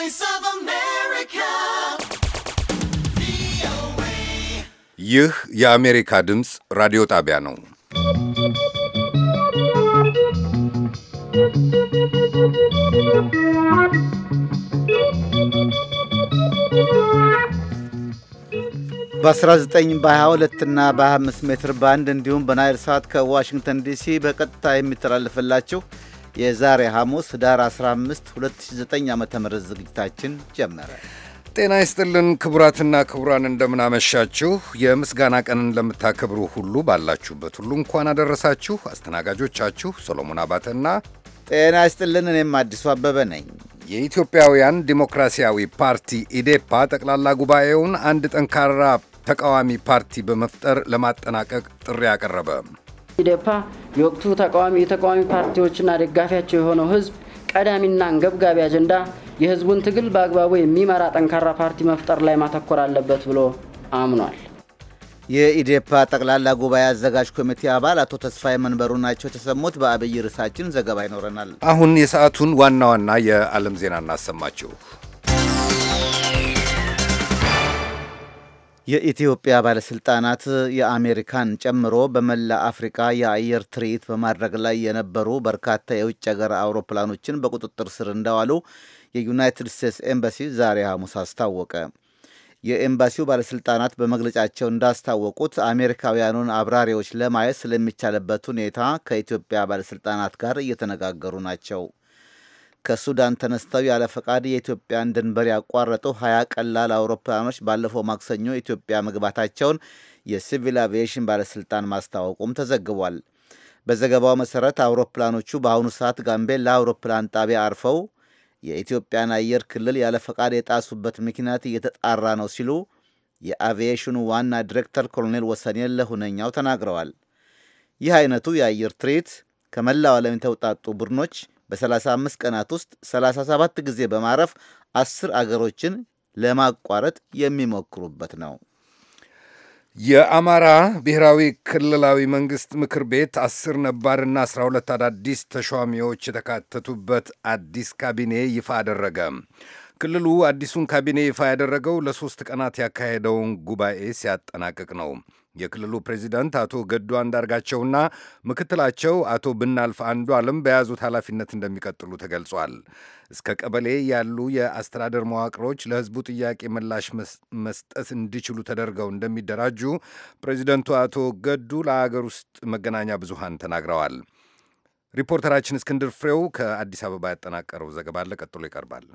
Voice of America. ይህ የአሜሪካ ድምፅ ራዲዮ ጣቢያ ነው። በ19 በ22 እና በ25 ሜትር ባንድ እንዲሁም በናይል ሰዓት ከዋሽንግተን ዲሲ በቀጥታ የሚተላለፍላችሁ የዛሬ ሐሙስ ህዳር 15 2009 ዓ ም ዝግጅታችን ጀመረ። ጤና ይስጥልን ክቡራትና ክቡራን፣ እንደምናመሻችሁ። የምስጋና ቀንን ለምታከብሩ ሁሉ ባላችሁበት ሁሉ እንኳን አደረሳችሁ። አስተናጋጆቻችሁ ሰሎሞን አባተና ጤና ይስጥልን፣ እኔም አዲሱ አበበ ነኝ። የኢትዮጵያውያን ዲሞክራሲያዊ ፓርቲ ኢዴፓ ጠቅላላ ጉባኤውን አንድ ጠንካራ ተቃዋሚ ፓርቲ በመፍጠር ለማጠናቀቅ ጥሪ አቀረበ። ኢዴፓ የወቅቱ ተቃዋሚ የተቃዋሚ ፓርቲዎችና ደጋፊያቸው የሆነው ህዝብ ቀዳሚና አንገብጋቢ አጀንዳ የህዝቡን ትግል በአግባቡ የሚመራ ጠንካራ ፓርቲ መፍጠር ላይ ማተኮር አለበት ብሎ አምኗል። የኢዴፓ ጠቅላላ ጉባኤ አዘጋጅ ኮሚቴ አባል አቶ ተስፋዬ መንበሩ ናቸው የተሰሙት። በአብይ ርዕሳችን ዘገባ ይኖረናል። አሁን የሰዓቱን ዋና ዋና የዓለም ዜና እናሰማችሁ። የኢትዮጵያ ባለስልጣናት የአሜሪካን ጨምሮ በመላ አፍሪካ የአየር ትርኢት በማድረግ ላይ የነበሩ በርካታ የውጭ ሀገር አውሮፕላኖችን በቁጥጥር ስር እንደዋሉ የዩናይትድ ስቴትስ ኤምባሲ ዛሬ ሐሙስ አስታወቀ። የኤምባሲው ባለስልጣናት በመግለጫቸው እንዳስታወቁት አሜሪካውያኑን አብራሪዎች ለማየት ስለሚቻልበት ሁኔታ ከኢትዮጵያ ባለስልጣናት ጋር እየተነጋገሩ ናቸው። ከሱዳን ተነስተው ያለ ፈቃድ የኢትዮጵያን ድንበር ያቋረጡ ሀያ ቀላል አውሮፕላኖች ባለፈው ማክሰኞ ኢትዮጵያ መግባታቸውን የሲቪል አቪዬሽን ባለሥልጣን ማስታወቁም ተዘግቧል። በዘገባው መሠረት አውሮፕላኖቹ በአሁኑ ሰዓት ጋምቤላ አውሮፕላን ጣቢያ አርፈው የኢትዮጵያን አየር ክልል ያለ ፈቃድ የጣሱበት ምክንያት እየተጣራ ነው ሲሉ የአቪዬሽኑ ዋና ዲሬክተር ኮሎኔል ወሰኔል ለሁነኛው ተናግረዋል። ይህ አይነቱ የአየር ትርኢት ከመላው ዓለም የተውጣጡ ቡድኖች በ35 ቀናት ውስጥ 37 ጊዜ በማረፍ አስር አገሮችን ለማቋረጥ የሚሞክሩበት ነው። የአማራ ብሔራዊ ክልላዊ መንግሥት ምክር ቤት አስር ነባርና 12 አዳዲስ ተሿሚዎች የተካተቱበት አዲስ ካቢኔ ይፋ አደረገ። ክልሉ አዲሱን ካቢኔ ይፋ ያደረገው ለሦስት ቀናት ያካሄደውን ጉባኤ ሲያጠናቅቅ ነው። የክልሉ ፕሬዚዳንት አቶ ገዱ አንዳርጋቸውና ምክትላቸው አቶ ብናልፍ አንዱ አለም በያዙት ኃላፊነት እንደሚቀጥሉ ተገልጿል። እስከ ቀበሌ ያሉ የአስተዳደር መዋቅሮች ለሕዝቡ ጥያቄ ምላሽ መስጠት እንዲችሉ ተደርገው እንደሚደራጁ ፕሬዚደንቱ አቶ ገዱ ለአገር ውስጥ መገናኛ ብዙሃን ተናግረዋል። ሪፖርተራችን እስክንድር ፍሬው ከአዲስ አበባ ያጠናቀረው ዘገባ አለ፣ ቀጥሎ ይቀርባል።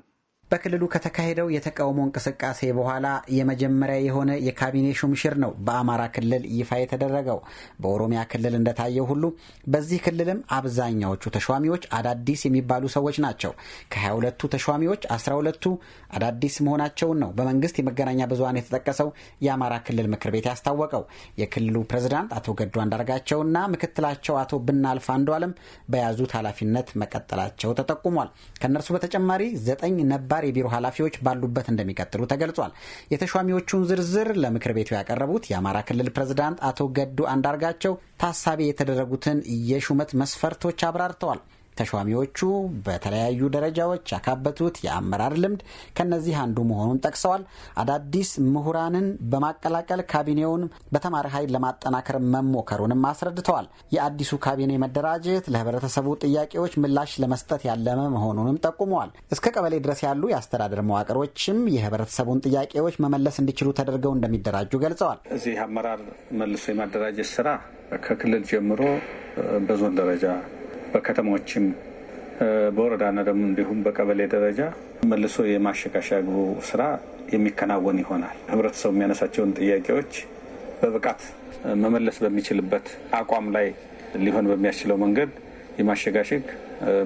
በክልሉ ከተካሄደው የተቃውሞ እንቅስቃሴ በኋላ የመጀመሪያ የሆነ የካቢኔ ሹምሽር ነው በአማራ ክልል ይፋ የተደረገው። በኦሮሚያ ክልል እንደታየው ሁሉ በዚህ ክልልም አብዛኛዎቹ ተሿሚዎች አዳዲስ የሚባሉ ሰዎች ናቸው። ከ22ቱ ተሿሚዎች 12ቱ አዳዲስ መሆናቸውን ነው በመንግስት የመገናኛ ብዙኃን የተጠቀሰው የአማራ ክልል ምክር ቤት ያስታወቀው። የክልሉ ፕሬዝዳንት አቶ ገዱ አንዳርጋቸውና ምክትላቸው አቶ ብናልፍ አንዷልም በያዙት ኃላፊነት መቀጠላቸው ተጠቁሟል። ከእነርሱ በተጨማሪ ዘጠኝ ነባ ነባር የቢሮ ኃላፊዎች ባሉበት እንደሚቀጥሉ ተገልጿል። የተሿሚዎቹን ዝርዝር ለምክር ቤቱ ያቀረቡት የአማራ ክልል ፕሬዝዳንት አቶ ገዱ አንዳርጋቸው ታሳቢ የተደረጉትን የሹመት መስፈርቶች አብራርተዋል። ተሿሚዎቹ በተለያዩ ደረጃዎች ያካበቱት የአመራር ልምድ ከነዚህ አንዱ መሆኑን ጠቅሰዋል። አዳዲስ ምሁራንን በማቀላቀል ካቢኔውን በተማሪ ኃይል ለማጠናከር መሞከሩንም አስረድተዋል። የአዲሱ ካቢኔ መደራጀት ለህብረተሰቡ ጥያቄዎች ምላሽ ለመስጠት ያለመ መሆኑንም ጠቁመዋል። እስከ ቀበሌ ድረስ ያሉ የአስተዳደር መዋቅሮችም የህብረተሰቡን ጥያቄዎች መመለስ እንዲችሉ ተደርገው እንደሚደራጁ ገልጸዋል። እዚህ አመራር መልሶ የማደራጀት ስራ ከክልል ጀምሮ በዞን ደረጃ በከተሞችም በወረዳና ደግሞ እንዲሁም በቀበሌ ደረጃ መልሶ የማሸጋሸጉ ስራ የሚከናወን ይሆናል። ህብረተሰቡ የሚያነሳቸውን ጥያቄዎች በብቃት መመለስ በሚችልበት አቋም ላይ ሊሆን በሚያስችለው መንገድ የማሸጋሸግ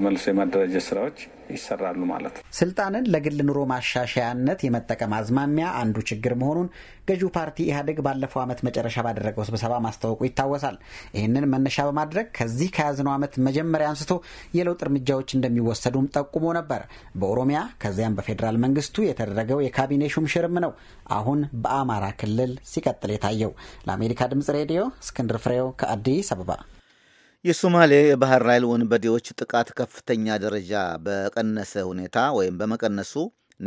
መልሶ የማደራጀት ስራዎች ይሰራሉ ማለት ነው። ስልጣንን ለግል ኑሮ ማሻሻያነት የመጠቀም አዝማሚያ አንዱ ችግር መሆኑን ገዢው ፓርቲ ኢህአዴግ ባለፈው ዓመት መጨረሻ ባደረገው ስብሰባ ማስታወቁ ይታወሳል። ይህንን መነሻ በማድረግ ከዚህ ከያዝነው ዓመት መጀመሪያ አንስቶ የለውጥ እርምጃዎች እንደሚወሰዱም ጠቁሞ ነበር። በኦሮሚያ ከዚያም በፌዴራል መንግስቱ የተደረገው የካቢኔ ሹምሽርም ነው አሁን በአማራ ክልል ሲቀጥል የታየው። ለአሜሪካ ድምጽ ሬዲዮ እስክንድር ፍሬው ከአዲስ አበባ የሶማሌ የባህር ኃይል ወንበዴዎች ጥቃት ከፍተኛ ደረጃ በቀነሰ ሁኔታ ወይም በመቀነሱ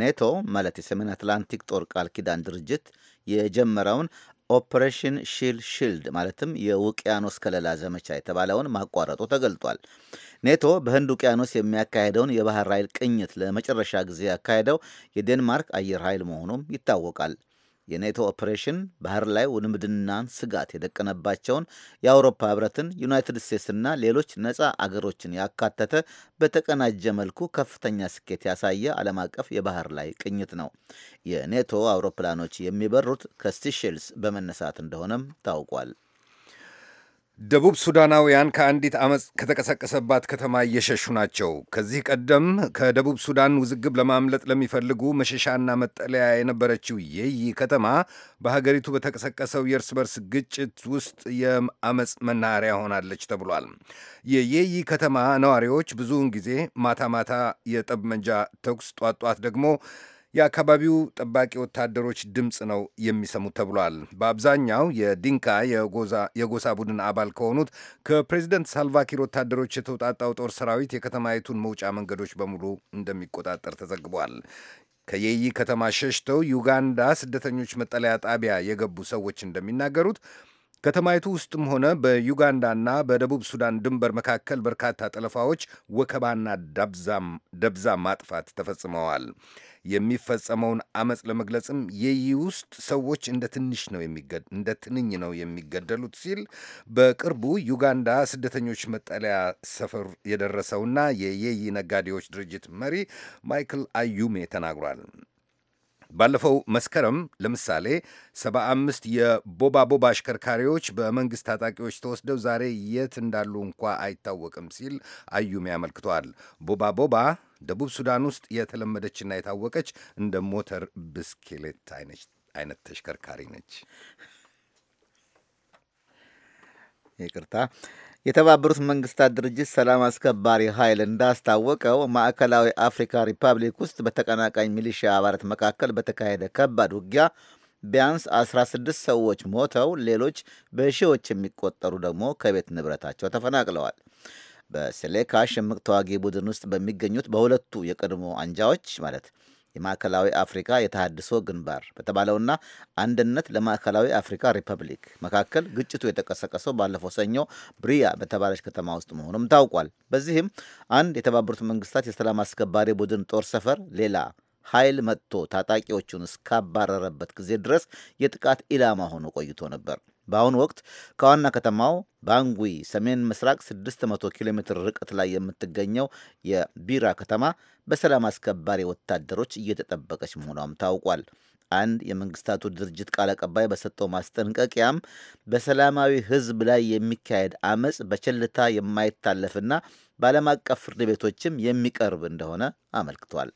ኔቶ ማለት የሰሜን አትላንቲክ ጦር ቃል ኪዳን ድርጅት የጀመረውን ኦፕሬሽን ሺል ሺልድ ማለትም የውቅያኖስ ከለላ ዘመቻ የተባለውን ማቋረጡ ተገልጧል። ኔቶ በህንድ ውቅያኖስ የሚያካሄደውን የባህር ኃይል ቅኝት ለመጨረሻ ጊዜ ያካሄደው የዴንማርክ አየር ኃይል መሆኑም ይታወቃል። የኔቶ ኦፕሬሽን ባህር ላይ ውንብድናን ስጋት የደቀነባቸውን የአውሮፓ ህብረትን ዩናይትድ ስቴትስና ሌሎች ነፃ አገሮችን ያካተተ በተቀናጀ መልኩ ከፍተኛ ስኬት ያሳየ ዓለም አቀፍ የባህር ላይ ቅኝት ነው። የኔቶ አውሮፕላኖች የሚበሩት ከሲሼልስ በመነሳት እንደሆነም ታውቋል። ደቡብ ሱዳናውያን ከአንዲት ዓመፅ ከተቀሰቀሰባት ከተማ እየሸሹ ናቸው። ከዚህ ቀደም ከደቡብ ሱዳን ውዝግብ ለማምለጥ ለሚፈልጉ መሸሻና መጠለያ የነበረችው የይ ከተማ በሀገሪቱ በተቀሰቀሰው የእርስ በርስ ግጭት ውስጥ የአመፅ መናኸሪያ ሆናለች ተብሏል። የየይ ከተማ ነዋሪዎች ብዙውን ጊዜ ማታ ማታ የጠብመንጃ ተኩስ፣ ጧጧት ደግሞ የአካባቢው ጠባቂ ወታደሮች ድምፅ ነው የሚሰሙ ተብሏል። በአብዛኛው የዲንካ የጎሳ ቡድን አባል ከሆኑት ከፕሬዚደንት ሳልቫኪር ወታደሮች የተውጣጣው ጦር ሰራዊት የከተማይቱን መውጫ መንገዶች በሙሉ እንደሚቆጣጠር ተዘግቧል። ከየይ ከተማ ሸሽተው ዩጋንዳ ስደተኞች መጠለያ ጣቢያ የገቡ ሰዎች እንደሚናገሩት ከተማይቱ ውስጥም ሆነ በዩጋንዳና በደቡብ ሱዳን ድንበር መካከል በርካታ ጠለፋዎች፣ ወከባና ደብዛ ማጥፋት ተፈጽመዋል። የሚፈጸመውን አመፅ ለመግለጽም የይ ውስጥ ሰዎች እንደ ትንሽ ነው እንደ ትንኝ ነው የሚገደሉት ሲል በቅርቡ ዩጋንዳ ስደተኞች መጠለያ ሰፈር የደረሰውና የየይ ነጋዴዎች ድርጅት መሪ ማይክል አዩሜ ተናግሯል። ባለፈው መስከረም ለምሳሌ አምስት የቦባ ቦባ አሽከርካሪዎች በመንግስት ታጣቂዎች ተወስደው ዛሬ የት እንዳሉ እንኳ አይታወቅም ሲል አዩሜ አመልክቷል። ቦባ ቦባ ደቡብ ሱዳን ውስጥ የተለመደችና የታወቀች እንደ ሞተር ብስክሌት አይነት ተሽከርካሪ ነች። ይቅርታ። የተባበሩት መንግስታት ድርጅት ሰላም አስከባሪ ኃይል እንዳስታወቀው ማዕከላዊ አፍሪካ ሪፐብሊክ ውስጥ በተቀናቃኝ ሚሊሺያ አባላት መካከል በተካሄደ ከባድ ውጊያ ቢያንስ 16 ሰዎች ሞተው ሌሎች በሺዎች የሚቆጠሩ ደግሞ ከቤት ንብረታቸው ተፈናቅለዋል። በሴሌካ ሽምቅ ተዋጊ ቡድን ውስጥ በሚገኙት በሁለቱ የቀድሞ አንጃዎች ማለት የማዕከላዊ አፍሪካ የተሃድሶ ግንባር በተባለውና አንድነት ለማዕከላዊ አፍሪካ ሪፐብሊክ መካከል ግጭቱ የተቀሰቀሰው ባለፈው ሰኞ ብሪያ በተባለች ከተማ ውስጥ መሆኑም ታውቋል። በዚህም አንድ የተባበሩት መንግስታት የሰላም አስከባሪ ቡድን ጦር ሰፈር ሌላ ኃይል መጥቶ ታጣቂዎቹን እስካባረረበት ጊዜ ድረስ የጥቃት ኢላማ ሆኖ ቆይቶ ነበር። በአሁኑ ወቅት ከዋና ከተማው ባንጉይ ሰሜን ምስራቅ 600 ኪሎ ሜትር ርቀት ላይ የምትገኘው የቢራ ከተማ በሰላም አስከባሪ ወታደሮች እየተጠበቀች መሆኗም ታውቋል። አንድ የመንግስታቱ ድርጅት ቃል አቀባይ በሰጠው ማስጠንቀቂያም በሰላማዊ ሕዝብ ላይ የሚካሄድ አመፅ በቸልታ የማይታለፍና በዓለም አቀፍ ፍርድ ቤቶችም የሚቀርብ እንደሆነ አመልክቷል።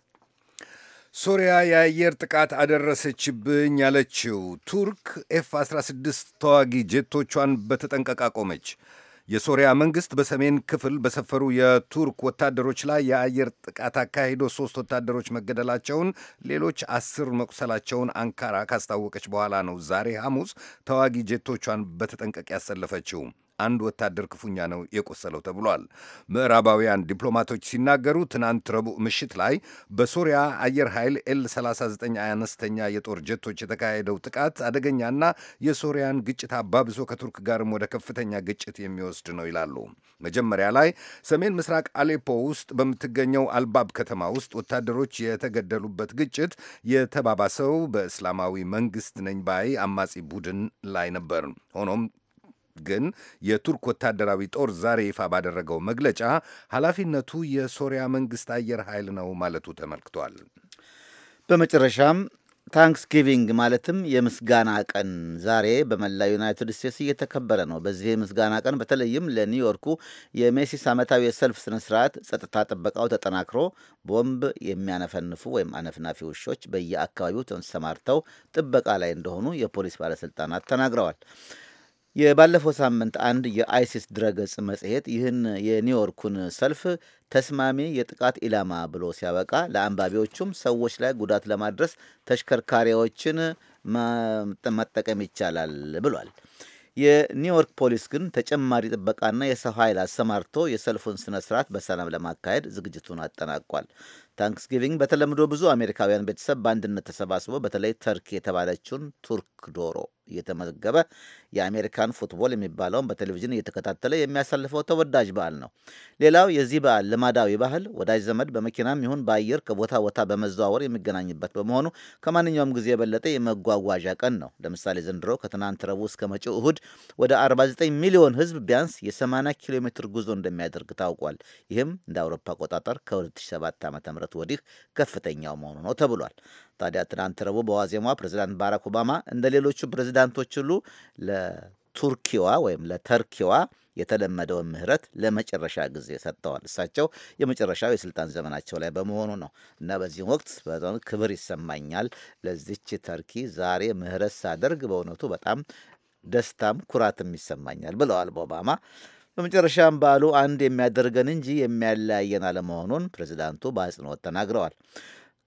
ሶሪያ የአየር ጥቃት አደረሰችብኝ ያለችው ቱርክ ኤፍ 16 ተዋጊ ጄቶቿን በተጠንቀቅ አቆመች። የሶሪያ መንግሥት በሰሜን ክፍል በሰፈሩ የቱርክ ወታደሮች ላይ የአየር ጥቃት አካሂዶ ሦስት ወታደሮች መገደላቸውን፣ ሌሎች አስር መቁሰላቸውን አንካራ ካስታወቀች በኋላ ነው ዛሬ ሐሙስ ተዋጊ ጄቶቿን በተጠንቀቅ ያሰለፈችው። አንድ ወታደር ክፉኛ ነው የቆሰለው ተብሏል። ምዕራባውያን ዲፕሎማቶች ሲናገሩ ትናንት ረቡዕ ምሽት ላይ በሶሪያ አየር ኃይል ኤል 39 አነስተኛ የጦር ጀቶች የተካሄደው ጥቃት አደገኛና የሶሪያን ግጭት አባብሶ ከቱርክ ጋርም ወደ ከፍተኛ ግጭት የሚወስድ ነው ይላሉ። መጀመሪያ ላይ ሰሜን ምስራቅ አሌፖ ውስጥ በምትገኘው አልባብ ከተማ ውስጥ ወታደሮች የተገደሉበት ግጭት የተባባሰው በእስላማዊ መንግስት ነኝ ባይ አማጺ ቡድን ላይ ነበር። ሆኖም ግን የቱርክ ወታደራዊ ጦር ዛሬ ይፋ ባደረገው መግለጫ ኃላፊነቱ የሶሪያ መንግስት አየር ኃይል ነው ማለቱ ተመልክቷል። በመጨረሻም ታንክስጊቪንግ ማለትም የምስጋና ቀን ዛሬ በመላ ዩናይትድ ስቴትስ እየተከበረ ነው። በዚህ የምስጋና ቀን በተለይም ለኒውዮርኩ የሜሲስ ዓመታዊ የሰልፍ ስነ ስርዓት ጸጥታ ጥበቃው ተጠናክሮ ቦምብ የሚያነፈንፉ ወይም አነፍናፊ ውሾች በየአካባቢው ተሰማርተው ጥበቃ ላይ እንደሆኑ የፖሊስ ባለስልጣናት ተናግረዋል። የባለፈው ሳምንት አንድ የአይሲስ ድረገጽ መጽሔት ይህን የኒውዮርኩን ሰልፍ ተስማሚ የጥቃት ኢላማ ብሎ ሲያበቃ ለአንባቢዎቹም ሰዎች ላይ ጉዳት ለማድረስ ተሽከርካሪዎችን መጠቀም ይቻላል ብሏል። የኒውዮርክ ፖሊስ ግን ተጨማሪ ጥበቃና የሰው ኃይል አሰማርቶ የሰልፉን ስነ ስርዓት በሰላም ለማካሄድ ዝግጅቱን አጠናቋል። ታንክስጊቪንግ በተለምዶ ብዙ አሜሪካውያን ቤተሰብ በአንድነት ተሰባስቦ በተለይ ተርክ የተባለችውን ቱርክ ዶሮ እየተመገበ የአሜሪካን ፉትቦል የሚባለውን በቴሌቪዥን እየተከታተለ የሚያሳልፈው ተወዳጅ በዓል ነው። ሌላው የዚህ በዓል ልማዳዊ ባህል ወዳጅ ዘመድ በመኪናም ይሁን በአየር ከቦታ ቦታ በመዘዋወር የሚገናኝበት በመሆኑ ከማንኛውም ጊዜ የበለጠ የመጓጓዣ ቀን ነው። ለምሳሌ ዘንድሮ ከትናንት ረቡዕ እስከ መጪው እሁድ ወደ 49 ሚሊዮን ሕዝብ ቢያንስ የ80 ኪሎ ሜትር ጉዞ እንደሚያደርግ ታውቋል። ይህም እንደ አውሮፓ አቆጣጠር ከ2007 .ም ከመሰረቱ ወዲህ ከፍተኛው መሆኑ ነው ተብሏል። ታዲያ ትናንት ረቡዕ በዋዜማ ፕሬዚዳንት ባራክ ኦባማ እንደ ሌሎቹ ፕሬዚዳንቶች ሁሉ ለቱርኪዋ ወይም ለተርኪዋ የተለመደውን ምህረት ለመጨረሻ ጊዜ ሰጥተዋል። እሳቸው የመጨረሻው የስልጣን ዘመናቸው ላይ በመሆኑ ነው እና በዚህም ወቅት በጣም ክብር ይሰማኛል ለዚች ተርኪ ዛሬ ምህረት ሳደርግ በእውነቱ በጣም ደስታም ኩራትም ይሰማኛል ብለዋል በኦባማ በመጨረሻም በዓሉ አንድ የሚያደርገን እንጂ የሚያለያየን አለመሆኑን ፕሬዚዳንቱ በአጽንኦት ተናግረዋል።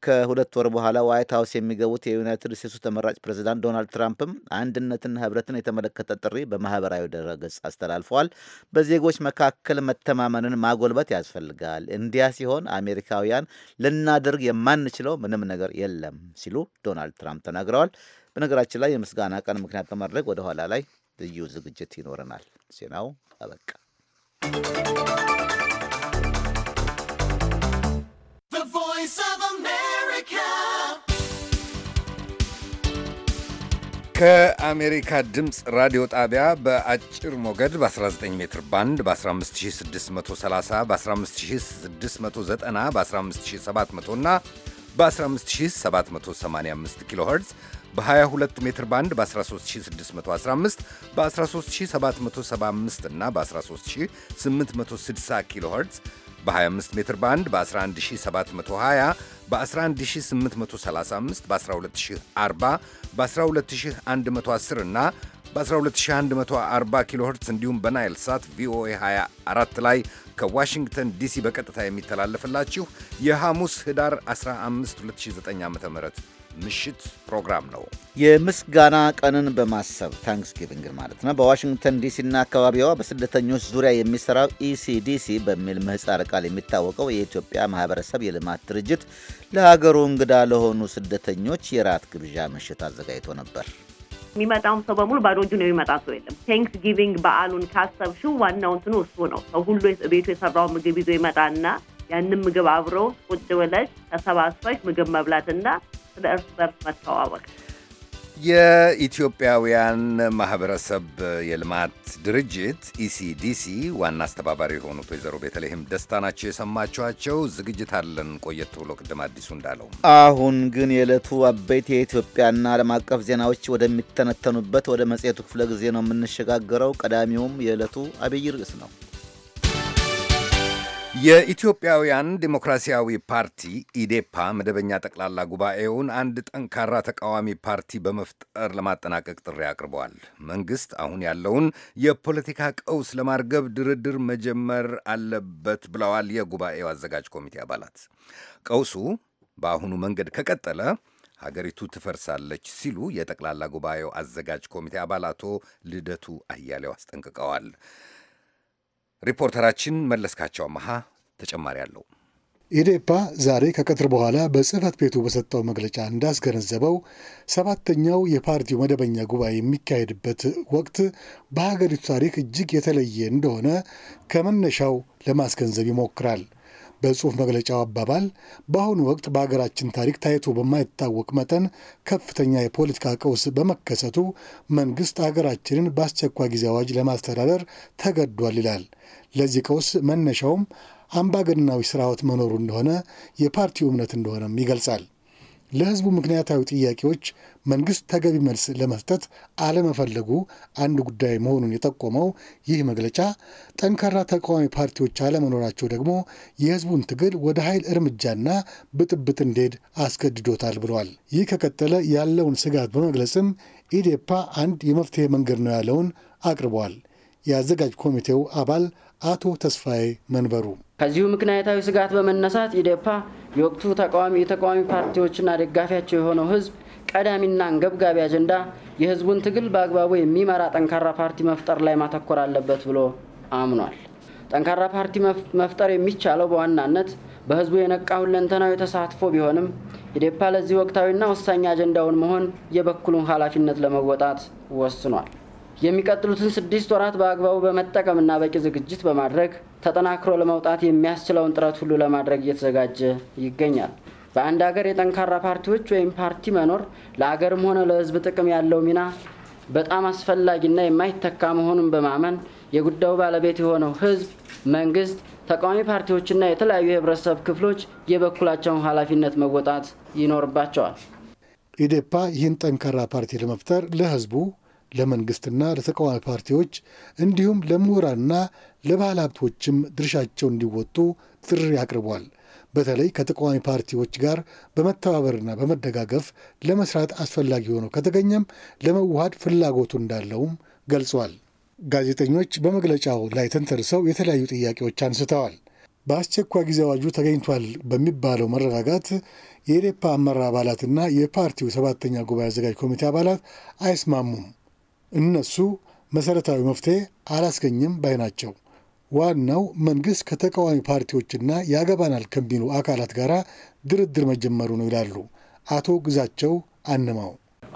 ከሁለት ወር በኋላ ዋይት ሀውስ የሚገቡት የዩናይትድ ስቴትሱ ተመራጭ ፕሬዚዳንት ዶናልድ ትራምፕም አንድነትና ህብረትን የተመለከተ ጥሪ በማህበራዊ ድረገጽ አስተላልፈዋል። በዜጎች መካከል መተማመንን ማጎልበት ያስፈልጋል። እንዲያ ሲሆን አሜሪካውያን ልናደርግ የማንችለው ምንም ነገር የለም ሲሉ ዶናልድ ትራምፕ ተናግረዋል። በነገራችን ላይ የምስጋና ቀን ምክንያት በማድረግ ወደ ኋላ ላይ ልዩ ዝግጅት ይኖረናል። ዜናው አበቃ። ከአሜሪካ ድምፅ ራዲዮ ጣቢያ በአጭር ሞገድ በ19 ሜትር ባንድ በ15630 በ15690 በ15700 እና በ15785 ኪሎ ኸርዝ በ22 ሜትር ባንድ በ13615 በ13775 እና በ13860 ኪሎ ኸርትዝ በ25 ሜትር ባንድ በ11720 በ11835 በ12040 በ12110 እና በ12140 ኪሎ ኸርትዝ እንዲሁም በናይል ሳት ቪኦኤ 24 ላይ ከዋሽንግተን ዲሲ በቀጥታ የሚተላለፍላችሁ የሐሙስ ህዳር 15 2009 ዓ ም ምሽት ፕሮግራም ነው። የምስጋና ቀንን በማሰብ ታንክስጊቪንግን ማለት ነው። በዋሽንግተን ዲሲና አካባቢዋ በስደተኞች ዙሪያ የሚሰራው ኢሲዲሲ e በሚል ምህፃር ቃል የሚታወቀው የኢትዮጵያ ማህበረሰብ የልማት ድርጅት ለሀገሩ እንግዳ ለሆኑ ስደተኞች የራት ግብዣ ምሽት አዘጋጅቶ ነበር። የሚመጣውም ሰው በሙሉ ባዶ እጁ ነው የሚመጣ ሰው የለም። ቴንክስ ጊቪንግ በዓሉን ካሰብሽው ዋናው እንትኑ እሱ ነው። ሰው ሁሉ ቤቱ የሰራው ምግብ ይዞ ይመጣና ያንን ምግብ አብረው ቁጭ ብለሽ ተሰባስበሽ ምግብ መብላትና ስለ እርስ በርስ መተዋወቅ የኢትዮጵያውያን ማህበረሰብ የልማት ድርጅት ኢሲዲሲ ዋና አስተባባሪ የሆኑት ወይዘሮ ቤተልሔም ደስታ ናቸው የሰማችኋቸው። ዝግጅት አለን ቆየት ብሎ ቅድም አዲሱ እንዳለው። አሁን ግን የዕለቱ አበይት የኢትዮጵያና ዓለም አቀፍ ዜናዎች ወደሚተነተኑበት ወደ መጽሔቱ ክፍለ ጊዜ ነው የምንሸጋገረው። ቀዳሚውም የዕለቱ አብይ ርዕስ ነው። የኢትዮጵያውያን ዴሞክራሲያዊ ፓርቲ ኢዴፓ መደበኛ ጠቅላላ ጉባኤውን አንድ ጠንካራ ተቃዋሚ ፓርቲ በመፍጠር ለማጠናቀቅ ጥሪ አቅርበዋል። መንግስት አሁን ያለውን የፖለቲካ ቀውስ ለማርገብ ድርድር መጀመር አለበት ብለዋል የጉባኤው አዘጋጅ ኮሚቴ አባላት። ቀውሱ በአሁኑ መንገድ ከቀጠለ ሀገሪቱ ትፈርሳለች ሲሉ የጠቅላላ ጉባኤው አዘጋጅ ኮሚቴ አባል አቶ ልደቱ አያሌው አስጠንቅቀዋል። ሪፖርተራችን መለስካቸው አመሃ ተጨማሪ አለው። ኢዴፓ ዛሬ ከቀትር በኋላ በጽህፈት ቤቱ በሰጠው መግለጫ እንዳስገነዘበው ሰባተኛው የፓርቲው መደበኛ ጉባኤ የሚካሄድበት ወቅት በሀገሪቱ ታሪክ እጅግ የተለየ እንደሆነ ከመነሻው ለማስገንዘብ ይሞክራል። በጽሑፍ መግለጫው አባባል በአሁኑ ወቅት በሀገራችን ታሪክ ታይቶ በማይታወቅ መጠን ከፍተኛ የፖለቲካ ቀውስ በመከሰቱ መንግስት ሀገራችንን በአስቸኳይ ጊዜ አዋጅ ለማስተዳደር ተገዷል ይላል። ለዚህ ቀውስ መነሻውም አምባገነናዊ ስርዓት መኖሩ እንደሆነ የፓርቲው እምነት እንደሆነም ይገልጻል። ለህዝቡ ምክንያታዊ ጥያቄዎች መንግስት ተገቢ መልስ ለመስጠት አለመፈለጉ አንድ ጉዳይ መሆኑን የጠቆመው ይህ መግለጫ ጠንካራ ተቃዋሚ ፓርቲዎች አለመኖራቸው ደግሞ የህዝቡን ትግል ወደ ኃይል እርምጃና ብጥብጥ እንዲሄድ አስገድዶታል ብሏል። ይህ ከቀጠለ ያለውን ስጋት በመግለጽም ኢዴፓ አንድ የመፍትሄ መንገድ ነው ያለውን አቅርቧል። የአዘጋጅ ኮሚቴው አባል አቶ ተስፋዬ መንበሩ ከዚሁ ምክንያታዊ ስጋት በመነሳት ኢዴፓ የወቅቱ ተቃዋሚ የተቃዋሚ ፓርቲዎችና ደጋፊያቸው የሆነው ህዝብ ቀዳሚና አንገብጋቢ አጀንዳ የህዝቡን ትግል በአግባቡ የሚመራ ጠንካራ ፓርቲ መፍጠር ላይ ማተኮር አለበት ብሎ አምኗል። ጠንካራ ፓርቲ መፍጠር የሚቻለው በዋናነት በህዝቡ የነቃ ሁለንተናዊ ተሳትፎ ቢሆንም ኢዴፓ ለዚህ ወቅታዊና ወሳኝ አጀንዳውን መሆን የበኩሉን ኃላፊነት ለመወጣት ወስኗል። የሚቀጥሉትን ስድስት ወራት በአግባቡ በመጠቀምና በቂ ዝግጅት በማድረግ ተጠናክሮ ለመውጣት የሚያስችለውን ጥረት ሁሉ ለማድረግ እየተዘጋጀ ይገኛል። በአንድ ሀገር የጠንካራ ፓርቲዎች ወይም ፓርቲ መኖር ለሀገርም ሆነ ለሕዝብ ጥቅም ያለው ሚና በጣም አስፈላጊና የማይተካ መሆኑን በማመን የጉዳዩ ባለቤት የሆነው ሕዝብ፣ መንግስት፣ ተቃዋሚ ፓርቲዎችና የተለያዩ የህብረተሰብ ክፍሎች የበኩላቸውን ኃላፊነት መወጣት ይኖርባቸዋል። ኢዴፓ ይህን ጠንካራ ፓርቲ ለመፍጠር ለህዝቡ ለመንግስትና ለተቃዋሚ ፓርቲዎች እንዲሁም ለምሁራንና ለባህል ሀብቶችም ድርሻቸው እንዲወጡ ጥሪ አቅርቧል። በተለይ ከተቃዋሚ ፓርቲዎች ጋር በመተባበርና በመደጋገፍ ለመስራት አስፈላጊ ሆኖ ከተገኘም ለመዋሃድ ፍላጎቱ እንዳለውም ገልጿል። ጋዜጠኞች በመግለጫው ላይ ተንተርሰው የተለያዩ ጥያቄዎች አንስተዋል። በአስቸኳይ ጊዜ አዋጁ ተገኝቷል በሚባለው መረጋጋት የኢዴፓ አመራር አባላትና የፓርቲው ሰባተኛ ጉባኤ አዘጋጅ ኮሚቴ አባላት አይስማሙም። እነሱ መሰረታዊ መፍትሄ አላስገኝም ባይ ናቸው። ዋናው መንግስት ከተቃዋሚ ፓርቲዎችና ያገባናል ከሚሉ አካላት ጋር ድርድር መጀመሩ ነው ይላሉ አቶ ግዛቸው አንማው።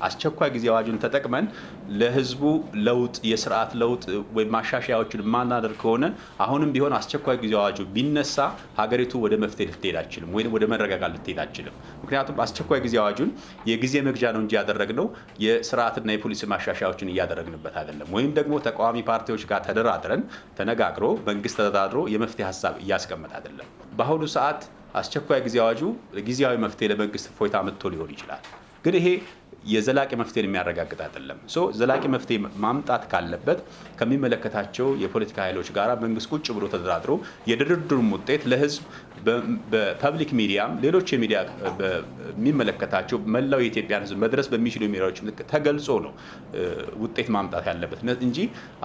አስቸኳይ ጊዜ አዋጁን ተጠቅመን ለህዝቡ ለውጥ የስርዓት ለውጥ ወይም ማሻሻያዎችን የማናደርግ ከሆነ አሁንም ቢሆን አስቸኳይ ጊዜ አዋጁ ቢነሳ ሀገሪቱ ወደ መፍትሄ ልትሄድ አይችልም፣ ወይም ወደ መረጋጋት ልትሄድ አይችልም። ምክንያቱም አስቸኳይ ጊዜ አዋጁን የጊዜ መግዣ ነው እንጂ ያደረግነው የስርዓትና የፖሊሲ ማሻሻያዎችን እያደረግንበት አይደለም። ወይም ደግሞ ተቃዋሚ ፓርቲዎች ጋር ተደራድረን ተነጋግሮ መንግስት ተደራድሮ የመፍትሄ ሀሳብ እያስቀመጠ አይደለም። በአሁኑ ሰዓት አስቸኳይ ጊዜ አዋጁ ጊዜያዊ መፍትሄ ለመንግስት እፎይታ መጥቶ ሊሆን ይችላል ግን ይሄ የዘላቂ መፍትሄ የሚያረጋግጥ አይደለም። ዘላቂ መፍትሄ ማምጣት ካለበት ከሚመለከታቸው የፖለቲካ ኃይሎች ጋር መንግስት ቁጭ ብሎ ተደራድሮ የድርድሩም ውጤት ለህዝብ በፐብሊክ ሚዲያም ሌሎች የሚዲያ የሚመለከታቸው መላው የኢትዮጵያን ህዝብ መድረስ በሚችሉ ሚዲያዎች ተገልጾ ነው ውጤት ማምጣት ያለበት እንጂ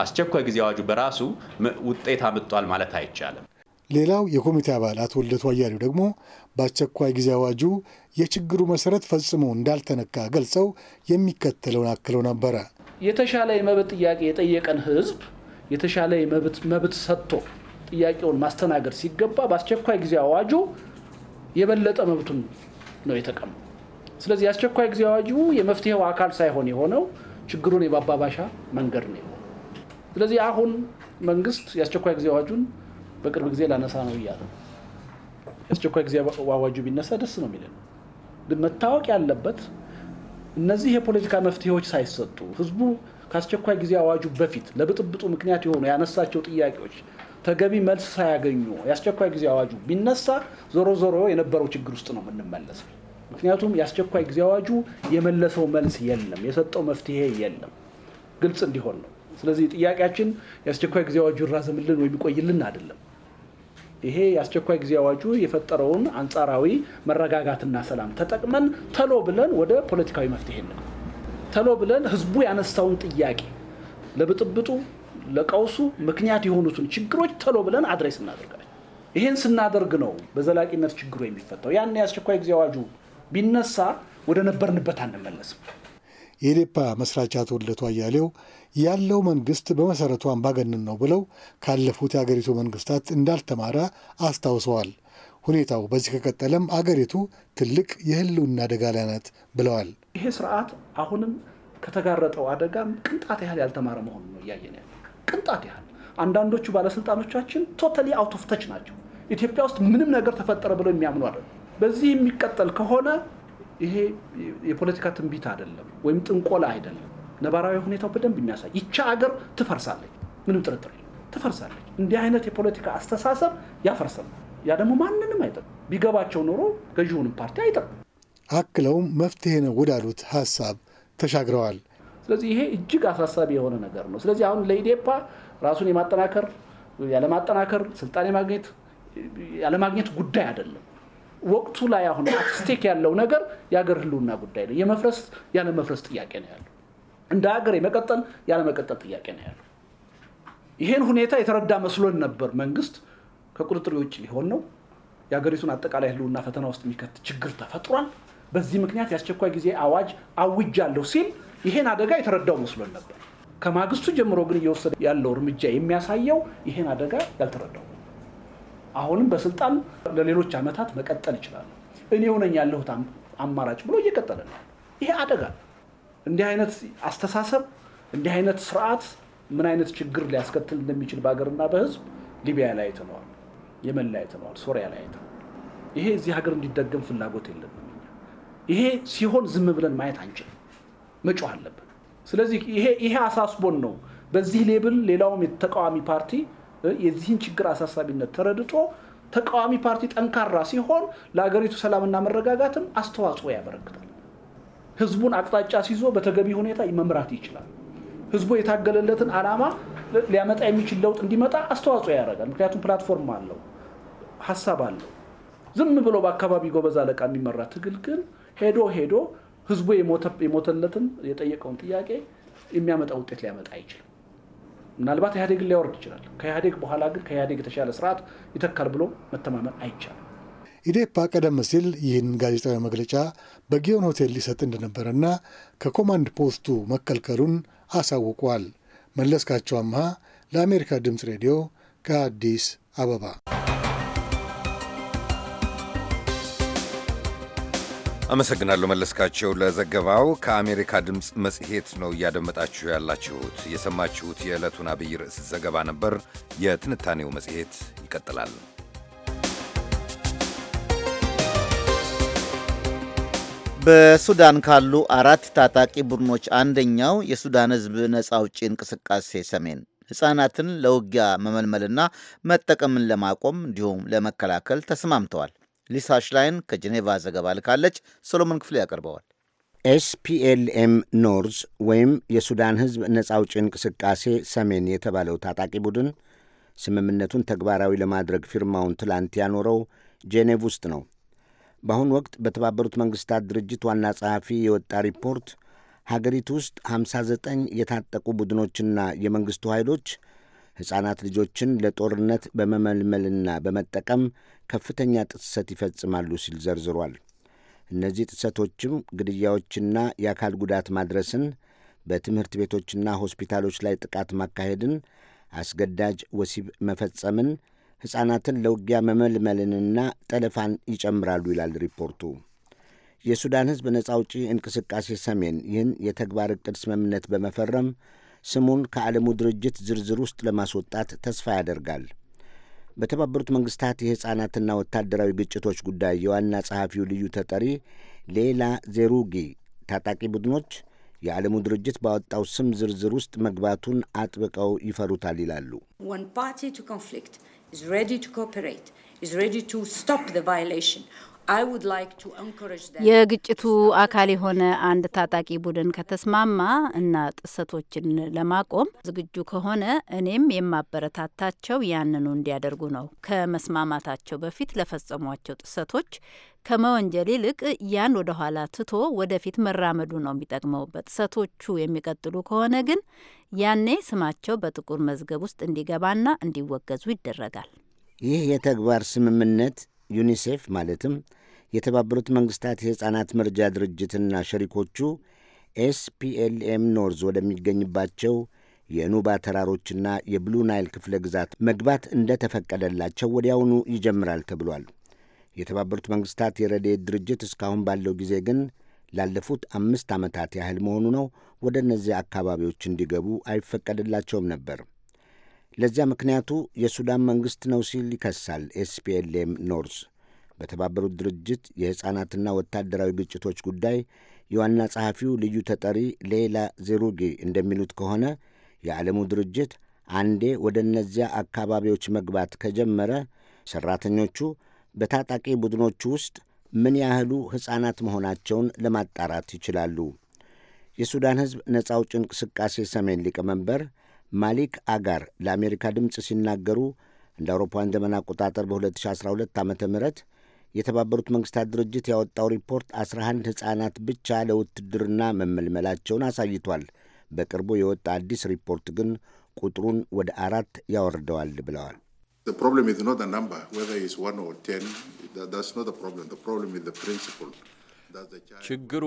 አስቸኳይ ጊዜ አዋጁ በራሱ ውጤት አምጧል ማለት አይቻልም። ሌላው የኮሚቴ አባል አቶ ልደቱ አያሌው ደግሞ በአስቸኳይ ጊዜ አዋጁ የችግሩ መሰረት ፈጽሞ እንዳልተነካ ገልጸው የሚከተለውን አክለው ነበረ። የተሻለ የመብት ጥያቄ የጠየቀን ህዝብ የተሻለ የመብት መብት ሰጥቶ ጥያቄውን ማስተናገድ ሲገባ በአስቸኳይ ጊዜ አዋጁ የበለጠ መብቱን ነው የተቀመ። ስለዚህ የአስቸኳይ ጊዜ አዋጁ የመፍትሄው አካል ሳይሆን የሆነው ችግሩን የማባባሻ መንገድ ነው። ስለዚህ አሁን መንግስት የአስቸኳይ ጊዜ አዋጁን በቅርብ ጊዜ ላነሳ ነው እያለ አስቸኳይ ጊዜ አዋጁ ቢነሳ ደስ ነው የሚለን። መታወቅ ያለበት እነዚህ የፖለቲካ መፍትሄዎች ሳይሰጡ ህዝቡ ከአስቸኳይ ጊዜ አዋጁ በፊት ለብጥብጡ ምክንያት የሆኑ ያነሳቸው ጥያቄዎች ተገቢ መልስ ሳያገኙ የአስቸኳይ ጊዜ አዋጁ ቢነሳ ዞሮ ዞሮ የነበረው ችግር ውስጥ ነው የምንመለሰው። ምክንያቱም የአስቸኳይ ጊዜ አዋጁ የመለሰው መልስ የለም፣ የሰጠው መፍትሄ የለም። ግልጽ እንዲሆን ነው። ስለዚህ ጥያቄያችን የአስቸኳይ ጊዜ አዋጁ ይራዘምልን ወይም ይቆይልን አይደለም። ይሄ የአስቸኳይ ጊዜ አዋጁ የፈጠረውን አንጻራዊ መረጋጋትና ሰላም ተጠቅመን ተሎ ብለን ወደ ፖለቲካዊ መፍትሄ ነው ተሎ ብለን ህዝቡ ያነሳውን ጥያቄ ለብጥብጡ፣ ለቀውሱ ምክንያት የሆኑትን ችግሮች ተሎ ብለን አድሬስ እናደርጋለን። ይህን ስናደርግ ነው በዘላቂነት ችግሩ የሚፈታው። ያን የአስቸኳይ ጊዜ አዋጁ ቢነሳ ወደ ነበርንበት አንመለስም። የኢዴፓ መስራች አቶ ልደቱ አያሌው ያለው መንግስት በመሰረቱ አምባገነን ነው ብለው ካለፉት የአገሪቱ መንግስታት እንዳልተማረ አስታውሰዋል። ሁኔታው በዚህ ከቀጠለም አገሪቱ ትልቅ የህልውና አደጋ ላይ ናት ብለዋል። ይሄ ስርዓት አሁንም ከተጋረጠው አደጋ ቅንጣት ያህል ያልተማረ መሆኑ ነው እያየን ያለ ቅንጣት ያህል አንዳንዶቹ ባለስልጣኖቻችን ቶታሊ አውት ኦፍ ተች ናቸው። ኢትዮጵያ ውስጥ ምንም ነገር ተፈጠረ ብለው የሚያምኑ አለ። በዚህ የሚቀጠል ከሆነ ይሄ የፖለቲካ ትንቢት አይደለም ወይም ጥንቆላ አይደለም። ነባራዊ ሁኔታው በደንብ የሚያሳይ ይቻ አገር ትፈርሳለች፣ ምንም ጥርጥር ትፈርሳለች። እንዲህ አይነት የፖለቲካ አስተሳሰብ ያፈርሳል። ያ ደግሞ ማንንም አይጠቅም። ቢገባቸው ኖሮ ገዢውንም ፓርቲ አይጠቅም። አክለውም መፍትሄ ነው ወዳሉት ሀሳብ ተሻግረዋል። ስለዚህ ይሄ እጅግ አሳሳቢ የሆነ ነገር ነው። ስለዚህ አሁን ለኢዴፓ ራሱን የማጠናከር ያለማጠናከር ስልጣን የማግኘት ያለማግኘት ጉዳይ አይደለም። ወቅቱ ላይ አሁን አትስቴክ ያለው ነገር የአገር ህልውና ጉዳይ ነው። የመፍረስ ያለመፍረስ ጥያቄ ነው ያለው። እንደ ሀገር የመቀጠል ያለመቀጠል ጥያቄ ነው ያለው። ይሄን ሁኔታ የተረዳ መስሎን ነበር። መንግስት ከቁጥጥር ውጭ ሊሆን ነው፣ የሀገሪቱን አጠቃላይ ህልውና ፈተና ውስጥ የሚከት ችግር ተፈጥሯል፣ በዚህ ምክንያት የአስቸኳይ ጊዜ አዋጅ አውጃለሁ ሲል ይሄን አደጋ የተረዳው መስሎን ነበር። ከማግስቱ ጀምሮ ግን እየወሰደ ያለው እርምጃ የሚያሳየው ይሄን አደጋ ያልተረዳው አሁንም በስልጣን ለሌሎች ዓመታት መቀጠል ይችላል እኔ ሆነኝ ያለሁት አማራጭ ብሎ እየቀጠለ ነው። ይሄ አደጋ እንዲህ አይነት አስተሳሰብ እንዲህ አይነት ስርዓት ምን አይነት ችግር ሊያስከትል እንደሚችል በሀገርና በህዝብ ሊቢያ ላይ አይተነዋል፣ የመን ላይ አይተነዋል፣ ሶሪያ ላይ አይተነዋል። ይሄ እዚህ ሀገር እንዲደገም ፍላጎት የለንም። ይሄ ሲሆን ዝም ብለን ማየት አንችልም፣ መጮህ አለብን። ስለዚህ ይሄ ይሄ አሳስቦን ነው በዚህ ሌብል ሌላውም የተቃዋሚ ፓርቲ የዚህን ችግር አሳሳቢነት ተረድቶ ተቃዋሚ ፓርቲ ጠንካራ ሲሆን ለሀገሪቱ ሰላምና መረጋጋትም አስተዋጽኦ ያበረክታል። ህዝቡን አቅጣጫ ሲዞ በተገቢ ሁኔታ መምራት ይችላል። ህዝቡ የታገለለትን አላማ ሊያመጣ የሚችል ለውጥ እንዲመጣ አስተዋጽኦ ያደርጋል። ምክንያቱም ፕላትፎርም አለው፣ ሀሳብ አለው። ዝም ብሎ በአካባቢ ጎበዝ አለቃ የሚመራ ትግል ግን ሄዶ ሄዶ ህዝቡ የሞተለትን የጠየቀውን ጥያቄ የሚያመጣ ውጤት ሊያመጣ አይችልም። ምናልባት ኢህአዴግን ሊያወርድ ይችላል። ከኢህአዴግ በኋላ ግን ከኢህአዴግ የተሻለ ስርዓት ይተካል ብሎ መተማመን አይቻልም። ኢዴፓ ቀደም ሲል ይህን ጋዜጣዊ መግለጫ በጊዮን ሆቴል ሊሰጥ እንደነበረና ከኮማንድ ፖስቱ መከልከሉን አሳውቋል። መለስካቸው አምሃ ለአሜሪካ ድምፅ ሬዲዮ ከአዲስ አበባ። አመሰግናለሁ መለስካቸው ለዘገባው። ከአሜሪካ ድምፅ መጽሔት ነው እያደመጣችሁ ያላችሁት። የሰማችሁት የዕለቱን አብይ ርዕስ ዘገባ ነበር። የትንታኔው መጽሔት ይቀጥላል። በሱዳን ካሉ አራት ታጣቂ ቡድኖች አንደኛው የሱዳን ህዝብ ነጻ አውጪ እንቅስቃሴ ሰሜን ህፃናትን ለውጊያ መመልመልና መጠቀምን ለማቆም እንዲሁም ለመከላከል ተስማምተዋል። ሊሳ ሽላይን ከጄኔቫ ዘገባ ልካለች። ሶሎሞን ክፍሌ ያቀርበዋል። ኤስፒኤልኤም ኖርዝ ወይም የሱዳን ህዝብ ነጻ አውጪ እንቅስቃሴ ሰሜን የተባለው ታጣቂ ቡድን ስምምነቱን ተግባራዊ ለማድረግ ፊርማውን ትላንት ያኖረው ጄኔቭ ውስጥ ነው። በአሁኑ ወቅት በተባበሩት መንግስታት ድርጅት ዋና ጸሐፊ የወጣ ሪፖርት ሀገሪቱ ውስጥ 59 የታጠቁ ቡድኖችና የመንግስቱ ኃይሎች ሕፃናት ልጆችን ለጦርነት በመመልመልና በመጠቀም ከፍተኛ ጥሰት ይፈጽማሉ ሲል ዘርዝሯል። እነዚህ ጥሰቶችም ግድያዎችና የአካል ጉዳት ማድረስን፣ በትምህርት ቤቶችና ሆስፒታሎች ላይ ጥቃት ማካሄድን፣ አስገዳጅ ወሲብ መፈጸምን፣ ሕፃናትን ለውጊያ መመልመልንና ጠለፋን ይጨምራሉ ይላል ሪፖርቱ። የሱዳን ሕዝብ ነጻ አውጪ እንቅስቃሴ ሰሜን ይህን የተግባር ዕቅድ ስምምነት በመፈረም ስሙን ከዓለሙ ድርጅት ዝርዝር ውስጥ ለማስወጣት ተስፋ ያደርጋል። በተባበሩት መንግስታት የሕፃናትና ወታደራዊ ግጭቶች ጉዳይ የዋና ጸሐፊው ልዩ ተጠሪ ሌላ ዜሩጊ ታጣቂ ቡድኖች የዓለሙ ድርጅት ባወጣው ስም ዝርዝር ውስጥ መግባቱን አጥብቀው ይፈሩታል ይላሉ። is ready to cooperate, is ready to stop the violation የግጭቱ አካል የሆነ አንድ ታጣቂ ቡድን ከተስማማ እና ጥሰቶችን ለማቆም ዝግጁ ከሆነ እኔም የማበረታታቸው ያንኑ እንዲያደርጉ ነው። ከመስማማታቸው በፊት ለፈጸሟቸው ጥሰቶች ከመወንጀል ይልቅ ያን ወደ ኋላ ትቶ ወደፊት መራመዱ ነው የሚጠቅመው። በጥሰቶቹ የሚቀጥሉ ከሆነ ግን ያኔ ስማቸው በጥቁር መዝገብ ውስጥ እንዲገባና እንዲወገዙ ይደረጋል። ይህ የተግባር ስምምነት ዩኒሴፍ ማለትም የተባበሩት መንግስታት የሕፃናት መርጃ ድርጅትና ሸሪኮቹ ኤስፒኤልኤም ኖርዝ ወደሚገኝባቸው የኑባ ተራሮችና የብሉ ናይል ክፍለ ግዛት መግባት እንደተፈቀደላቸው ወዲያውኑ ይጀምራል ተብሏል። የተባበሩት መንግስታት የረድኤት ድርጅት እስካሁን ባለው ጊዜ ግን ላለፉት አምስት ዓመታት ያህል መሆኑ ነው ወደ እነዚያ አካባቢዎች እንዲገቡ አይፈቀድላቸውም ነበር። ለዚያ ምክንያቱ የሱዳን መንግሥት ነው ሲል ይከሳል ኤስፒኤልኤም ኖርዝ። በተባበሩት ድርጅት የሕፃናትና ወታደራዊ ግጭቶች ጉዳይ የዋና ጸሐፊው ልዩ ተጠሪ ሌላ ዜሩጊ እንደሚሉት ከሆነ የዓለሙ ድርጅት አንዴ ወደ እነዚያ አካባቢዎች መግባት ከጀመረ ሠራተኞቹ በታጣቂ ቡድኖቹ ውስጥ ምን ያህሉ ሕፃናት መሆናቸውን ለማጣራት ይችላሉ። የሱዳን ሕዝብ ነጻ አውጪ እንቅስቃሴ ሰሜን ሊቀመንበር ማሊክ አጋር ለአሜሪካ ድምፅ ሲናገሩ እንደ አውሮፓውያን ዘመን አቆጣጠር በ2012 ዓ ም የተባበሩት መንግስታት ድርጅት ያወጣው ሪፖርት 11 ሕፃናት ብቻ ለውትድርና መመልመላቸውን አሳይቷል። በቅርቡ የወጣ አዲስ ሪፖርት ግን ቁጥሩን ወደ አራት ያወርደዋል ብለዋል። ችግሩ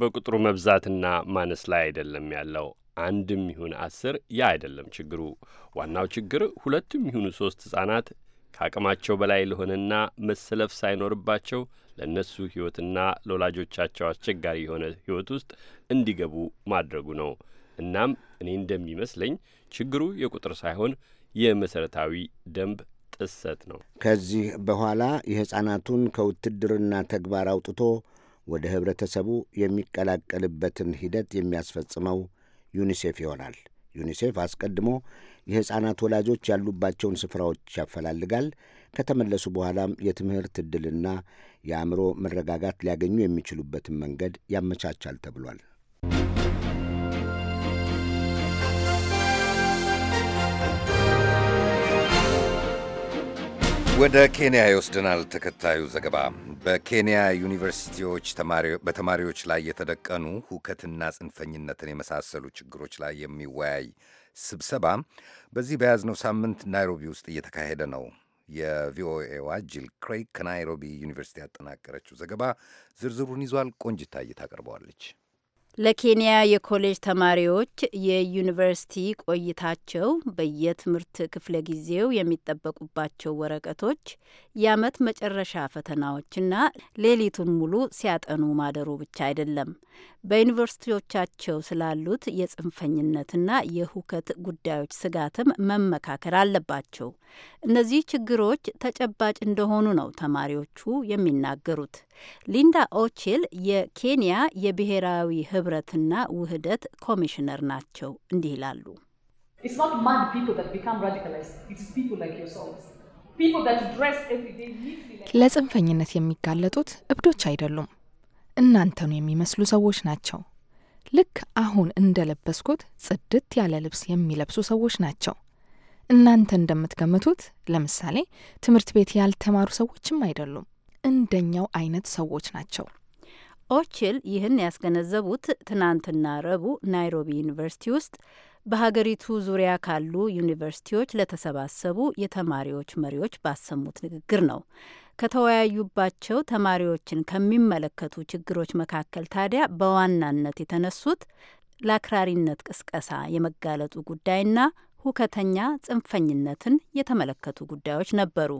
በቁጥሩ መብዛትና ማነስ ላይ አይደለም ያለው አንድም ይሁን አስር ያ አይደለም ችግሩ። ዋናው ችግር ሁለቱም ይሁኑ ሶስት ሕጻናት ከአቅማቸው በላይ ለሆነና መሰለፍ ሳይኖርባቸው ለእነሱ ሕይወትና ለወላጆቻቸው አስቸጋሪ የሆነ ሕይወት ውስጥ እንዲገቡ ማድረጉ ነው። እናም እኔ እንደሚመስለኝ ችግሩ የቁጥር ሳይሆን የመሠረታዊ ደንብ ጥሰት ነው። ከዚህ በኋላ የሕፃናቱን ከውትድርና ተግባር አውጥቶ ወደ ኅብረተሰቡ የሚቀላቀልበትን ሂደት የሚያስፈጽመው ዩኒሴፍ ይሆናል። ዩኒሴፍ አስቀድሞ የሕፃናት ወላጆች ያሉባቸውን ስፍራዎች ያፈላልጋል። ከተመለሱ በኋላም የትምህርት ዕድልና የአእምሮ መረጋጋት ሊያገኙ የሚችሉበትን መንገድ ያመቻቻል ተብሏል። ወደ ኬንያ ይወስደናል። ተከታዩ ዘገባ በኬንያ ዩኒቨርሲቲዎች በተማሪዎች ላይ የተደቀኑ ሁከትና ጽንፈኝነትን የመሳሰሉ ችግሮች ላይ የሚወያይ ስብሰባ በዚህ በያዝነው ሳምንት ናይሮቢ ውስጥ እየተካሄደ ነው። የቪኦኤዋ ጂል ክሬግ ከናይሮቢ ዩኒቨርሲቲ ያጠናቀረችው ዘገባ ዝርዝሩን ይዟል። ቆንጅታ እየታቀርበዋለች። ለኬንያ የኮሌጅ ተማሪዎች የዩኒቨርሲቲ ቆይታቸው በየትምህርት ክፍለ ጊዜው የሚጠበቁባቸው ወረቀቶች፣ የአመት መጨረሻ ፈተናዎችና ሌሊቱን ሙሉ ሲያጠኑ ማደሩ ብቻ አይደለም። በዩኒቨርሲቲዎቻቸው ስላሉት የጽንፈኝነትና የሁከት ጉዳዮች ስጋትም መመካከር አለባቸው። እነዚህ ችግሮች ተጨባጭ እንደሆኑ ነው ተማሪዎቹ የሚናገሩት። ሊንዳ ኦችል የኬንያ የብሔራዊ ህብ ህብረትና ውህደት ኮሚሽነር ናቸው። እንዲህ ይላሉ። ለጽንፈኝነት የሚጋለጡት እብዶች አይደሉም፣ እናንተኑ የሚመስሉ ሰዎች ናቸው። ልክ አሁን እንደ ለበስኩት ጽድት ያለ ልብስ የሚለብሱ ሰዎች ናቸው። እናንተ እንደምትገምቱት ለምሳሌ ትምህርት ቤት ያልተማሩ ሰዎችም አይደሉም። እንደኛው አይነት ሰዎች ናቸው። ኦችል ይህን ያስገነዘቡት ትናንትና ረቡዕ ናይሮቢ ዩኒቨርሲቲ ውስጥ በሀገሪቱ ዙሪያ ካሉ ዩኒቨርሲቲዎች ለተሰባሰቡ የተማሪዎች መሪዎች ባሰሙት ንግግር ነው። ከተወያዩባቸው ተማሪዎችን ከሚመለከቱ ችግሮች መካከል ታዲያ በዋናነት የተነሱት ለአክራሪነት ቅስቀሳ የመጋለጡ ጉዳይና ሁከተኛ ጽንፈኝነትን የተመለከቱ ጉዳዮች ነበሩ።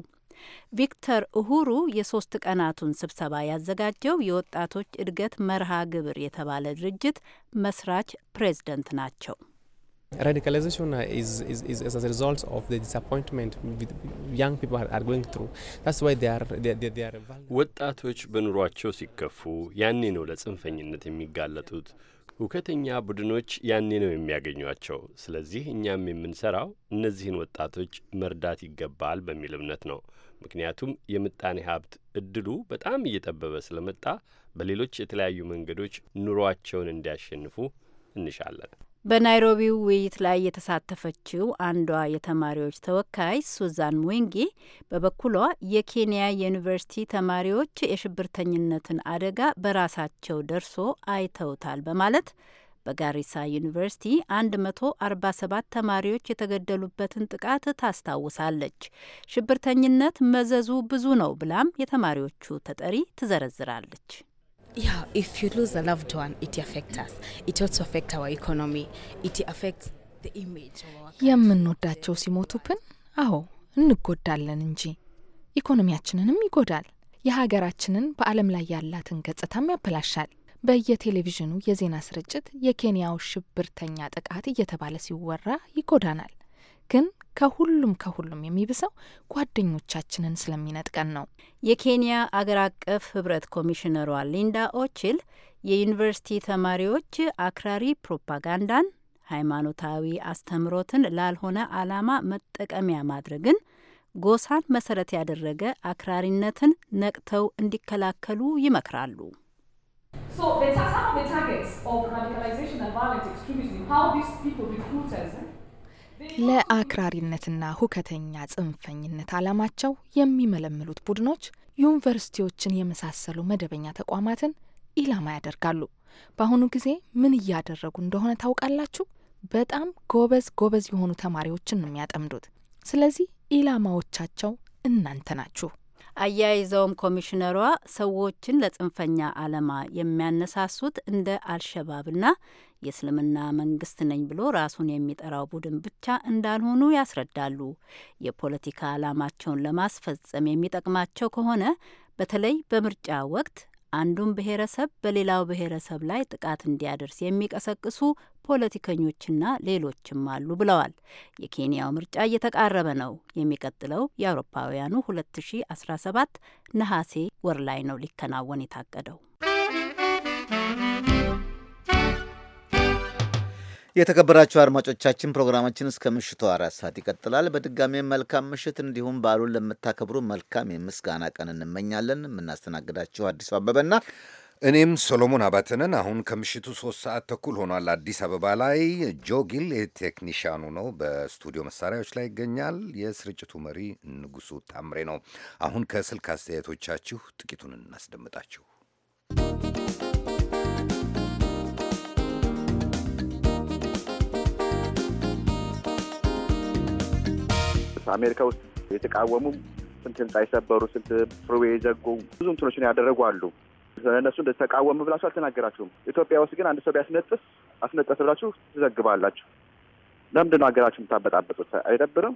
ቪክተር እሁሩ የሶስት ቀናቱን ስብሰባ ያዘጋጀው የወጣቶች እድገት መርሃ ግብር የተባለ ድርጅት መስራች ፕሬዝደንት ናቸው። ወጣቶች በኑሯቸው ሲከፉ ያኔ ነው ለጽንፈኝነት የሚጋለጡት። ሁከተኛ ቡድኖች ያኔ ነው የሚያገኟቸው። ስለዚህ እኛም የምንሰራው እነዚህን ወጣቶች መርዳት ይገባል በሚል እምነት ነው። ምክንያቱም የምጣኔ ሀብት እድሉ በጣም እየጠበበ ስለመጣ በሌሎች የተለያዩ መንገዶች ኑሯቸውን እንዲያሸንፉ እንሻለን። በናይሮቢው ውይይት ላይ የተሳተፈችው አንዷ የተማሪዎች ተወካይ ሱዛን ሙንጊ በበኩሏ የኬንያ ዩኒቨርሲቲ ተማሪዎች የሽብርተኝነትን አደጋ በራሳቸው ደርሶ አይተውታል በማለት በጋሪሳ ዩኒቨርሲቲ 147 ተማሪዎች የተገደሉበትን ጥቃት ታስታውሳለች። ሽብርተኝነት መዘዙ ብዙ ነው ብላም የተማሪዎቹ ተጠሪ ትዘረዝራለች። የምንወዳቸው ሲሞቱብን፣ አዎ እንጎዳለን እንጂ ኢኮኖሚያችንንም ይጎዳል። የሀገራችንን በዓለም ላይ ያላትን ገጽታም ያበላሻል። በየቴሌቪዥኑ የዜና ስርጭት የኬንያው ሽብርተኛ ጥቃት እየተባለ ሲወራ ይጎዳናል። ግን ከሁሉም ከሁሉም የሚብሰው ጓደኞቻችንን ስለሚነጥቀን ነው። የኬንያ አገር አቀፍ ህብረት ኮሚሽነሯ ሊንዳ ኦችል የዩኒቨርሲቲ ተማሪዎች አክራሪ ፕሮፓጋንዳን፣ ሃይማኖታዊ አስተምሮትን ላልሆነ ዓላማ መጠቀሚያ ማድረግን፣ ጎሳን መሰረት ያደረገ አክራሪነትን ነቅተው እንዲከላከሉ ይመክራሉ። So the some of the targets of radicalization and violent extremism, how these people recruited. Eh? ለአክራሪነትና ሁከተኛ ጽንፈኝነት ዓላማቸው የሚመለምሉት ቡድኖች ዩኒቨርሲቲዎችን የመሳሰሉ መደበኛ ተቋማትን ኢላማ ያደርጋሉ። በአሁኑ ጊዜ ምን እያደረጉ እንደሆነ ታውቃላችሁ? በጣም ጎበዝ ጎበዝ የሆኑ ተማሪዎችን ነው የሚያጠምዱት። ስለዚህ ኢላማዎቻቸው እናንተ ናችሁ። አያይዘውም ኮሚሽነሯ ሰዎችን ለጽንፈኛ አለማ የሚያነሳሱት እንደ አልሸባብና የእስልምና መንግስት ነኝ ብሎ ራሱን የሚጠራው ቡድን ብቻ እንዳልሆኑ ያስረዳሉ። የፖለቲካ አላማቸውን ለማስፈጸም የሚጠቅማቸው ከሆነ በተለይ በምርጫ ወቅት አንዱን ብሔረሰብ በሌላው ብሔረሰብ ላይ ጥቃት እንዲያደርስ የሚቀሰቅሱ ፖለቲከኞችና ሌሎችም አሉ ብለዋል። የኬንያው ምርጫ እየተቃረበ ነው። የሚቀጥለው የአውሮፓውያኑ 2017 ነሐሴ ወር ላይ ነው ሊከናወን የታቀደው። የተከበራችሁ አድማጮቻችን ፕሮግራማችን እስከ ምሽቱ አራት ሰዓት ይቀጥላል። በድጋሚ መልካም ምሽት፣ እንዲሁም በዓሉን ለምታከብሩ መልካም የምስጋና ቀን እንመኛለን። የምናስተናግዳችሁ አዲሱ አበበና እኔም ሶሎሞን አባተንን። አሁን ከምሽቱ ሶስት ሰዓት ተኩል ሆኗል አዲስ አበባ ላይ። ጆጊል የቴክኒሻኑ ነው፣ በስቱዲዮ መሳሪያዎች ላይ ይገኛል። የስርጭቱ መሪ ንጉሱ ታምሬ ነው። አሁን ከስልክ አስተያየቶቻችሁ ጥቂቱን እናስደምጣችሁ። አሜሪካ ውስጥ የተቃወሙ ስንት ህንፃ የሰበሩ ስንት ፍርዌ የዘጉ ብዙ እንትኖችን ያደረጉ አሉ። እነሱ እንደተቃወሙ ብላችሁ አልተናገራችሁም። ኢትዮጵያ ውስጥ ግን አንድ ሰው ቢያስነጥስ አስነጠስ ብላችሁ ትዘግባላችሁ። ለምንድን ነው ሀገራችሁ የምታበጣበጡት? አይደብርም?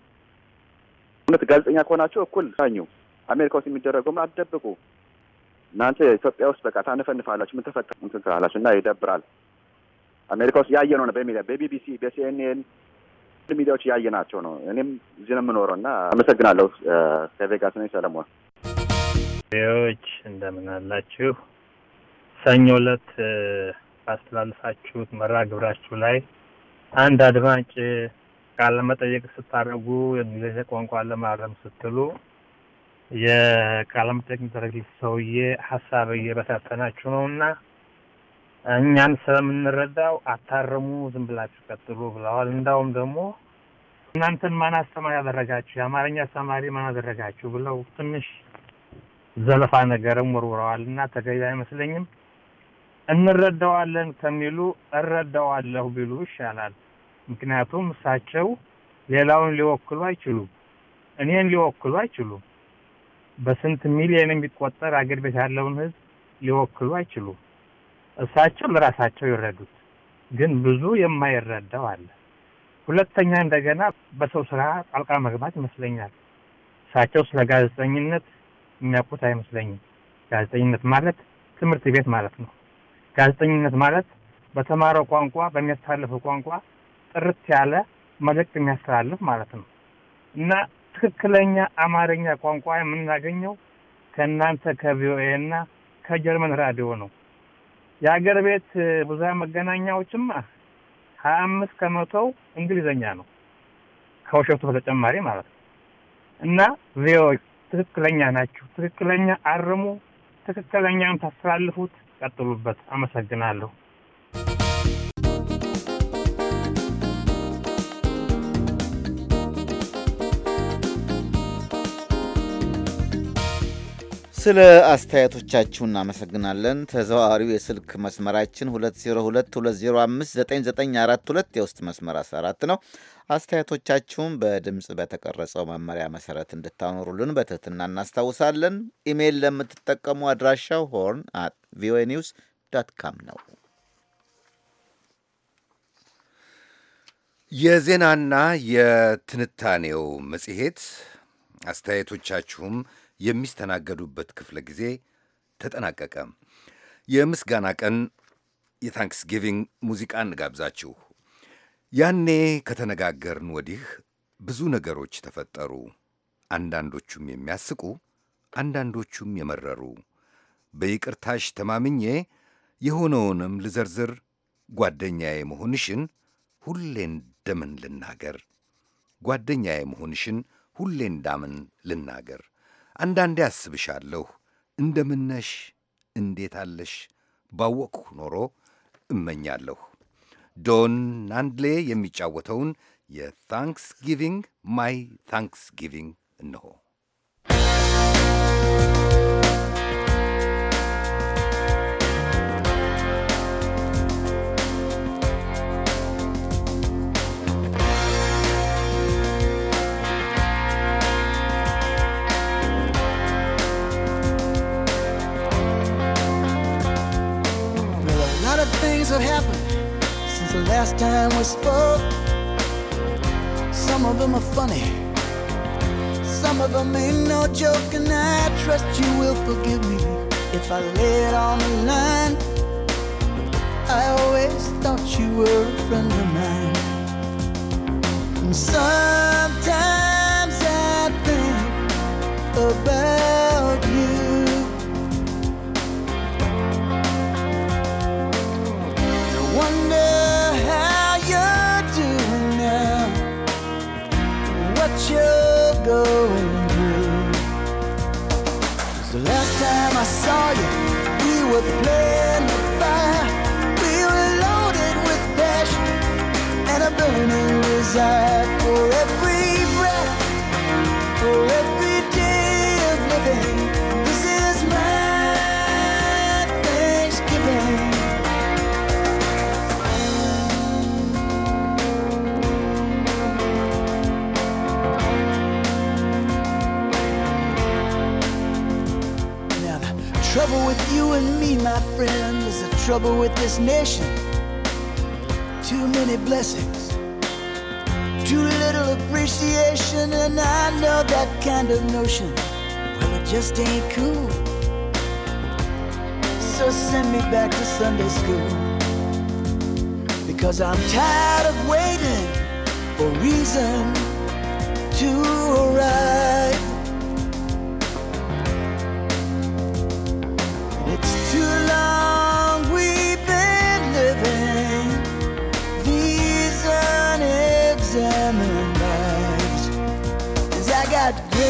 እውነት ጋዜጠኛ ከሆናችሁ እኩል ዳኙ። አሜሪካ ውስጥ ምን አትደብቁ። እናንተ ኢትዮጵያ ውስጥ በቃ ታነፈንፋላችሁ። ምን ተፈጠ እንትን ትላላችሁ እና ይደብራል። አሜሪካ ውስጥ ያየ ነው በሚዲያ በቢቢሲ በሲኤንኤን ሶሻል ሚዲያዎች እያየ ናቸው ነው። እኔም እዚህ ነው የምኖረው እና አመሰግናለሁ። ከቬጋስ ነኝ ሰለሞን። ዎች እንደምን አላችሁ? ሰኞ ዕለት ባስተላልፋችሁት መራ ግብራችሁ ላይ አንድ አድማጭ ቃለ መጠየቅ ስታደርጉ የእንግሊዝኛ ቋንቋ ለማረም ስትሉ የቃለ መጠየቅ ሰውዬ ሀሳብ እየበታተናችሁ ነው እና እኛን ስለምንረዳው አታርሙ ዝም ብላችሁ ቀጥሉ ብለዋል። እንዳውም ደግሞ እናንተን ማን አስተማሪ አደረጋችሁ? የአማርኛ አስተማሪ ማን አደረጋችሁ ብለው ትንሽ ዘለፋ ነገርም ወርውረዋል እና ተገቢ አይመስለኝም። እንረዳዋለን ከሚሉ እረዳዋለሁ ቢሉ ይሻላል። ምክንያቱም እሳቸው ሌላውን ሊወክሉ አይችሉም፣ እኔን ሊወክሉ አይችሉም። በስንት ሚሊዮን የሚቆጠር አገር ቤት ያለውን ህዝብ ሊወክሉ አይችሉም። እሳቸው ለራሳቸው ይረዱት፣ ግን ብዙ የማይረዳው አለ። ሁለተኛ እንደገና በሰው ስራ ጣልቃ መግባት ይመስለኛል። እሳቸው ስለ ጋዜጠኝነት የሚያውቁት አይመስለኝም። ጋዜጠኝነት ማለት ትምህርት ቤት ማለት ነው። ጋዜጠኝነት ማለት በተማረው ቋንቋ በሚያስተላልፈው ቋንቋ ጥርት ያለ መልእክት የሚያስተላልፍ ማለት ነው እና ትክክለኛ አማርኛ ቋንቋ የምናገኘው ከእናንተ ከቪኦኤ እና ከጀርመን ራዲዮ ነው። የሀገር ቤት ብዙሀን መገናኛዎችማ ሀያ አምስት ከመቶው እንግሊዘኛ ነው ከውሸቱ በተጨማሪ ማለት ነው። እና ዜዎች ትክክለኛ ናችሁ፣ ትክክለኛ አርሙ፣ ትክክለኛም ታስተላልፉት፣ ቀጥሉበት። አመሰግናለሁ። ስለ አስተያየቶቻችሁ እናመሰግናለን። ተዘዋዋሪው የስልክ መስመራችን 2022059942 የውስጥ መስመር 14 ነው። አስተያየቶቻችሁም በድምፅ በተቀረጸው መመሪያ መሰረት እንድታኖሩልን በትህትና እናስታውሳለን። ኢሜይል ለምትጠቀሙ አድራሻው ሆርን አት ቪኦኤ ኒውስ ዳት ካም ነው። የዜናና የትንታኔው መጽሔት አስተያየቶቻችሁም የሚስተናገዱበት ክፍለ ጊዜ ተጠናቀቀ። የምስጋና ቀን የታንክስጊቪንግ ሙዚቃ እንጋብዛችሁ። ያኔ ከተነጋገርን ወዲህ ብዙ ነገሮች ተፈጠሩ። አንዳንዶቹም የሚያስቁ፣ አንዳንዶቹም የመረሩ። በይቅርታሽ ተማምኜ የሆነውንም ልዘርዝር። ጓደኛዬ መሆንሽን ሁሌ እንደምን ልናገር? ጓደኛዬ መሆንሽን ሁሌ እንዳምን ልናገር? አንዳንዴ አስብሻለሁ እንደምነሽ እንዴት አለሽ ባወቅሁ ኖሮ እመኛለሁ። ዶን ናንድሌ የሚጫወተውን የታንክስጊቪንግ ማይ ታንክስጊቪንግ እነሆ። have happened since the last time we spoke. Some of them are funny, some of them ain't no joke, and I trust you will forgive me if I lay it on the line. I always thought you were a friend of mine. And sometimes I think about. desire for every breath, for every day of living. This is my Thanksgiving. Now, the trouble with you and me, my friend, is the trouble with this nation. Too many blessings little appreciation, and I know that kind of notion. Well, it just ain't cool. So send me back to Sunday school. Because I'm tired of waiting for reason to arrive.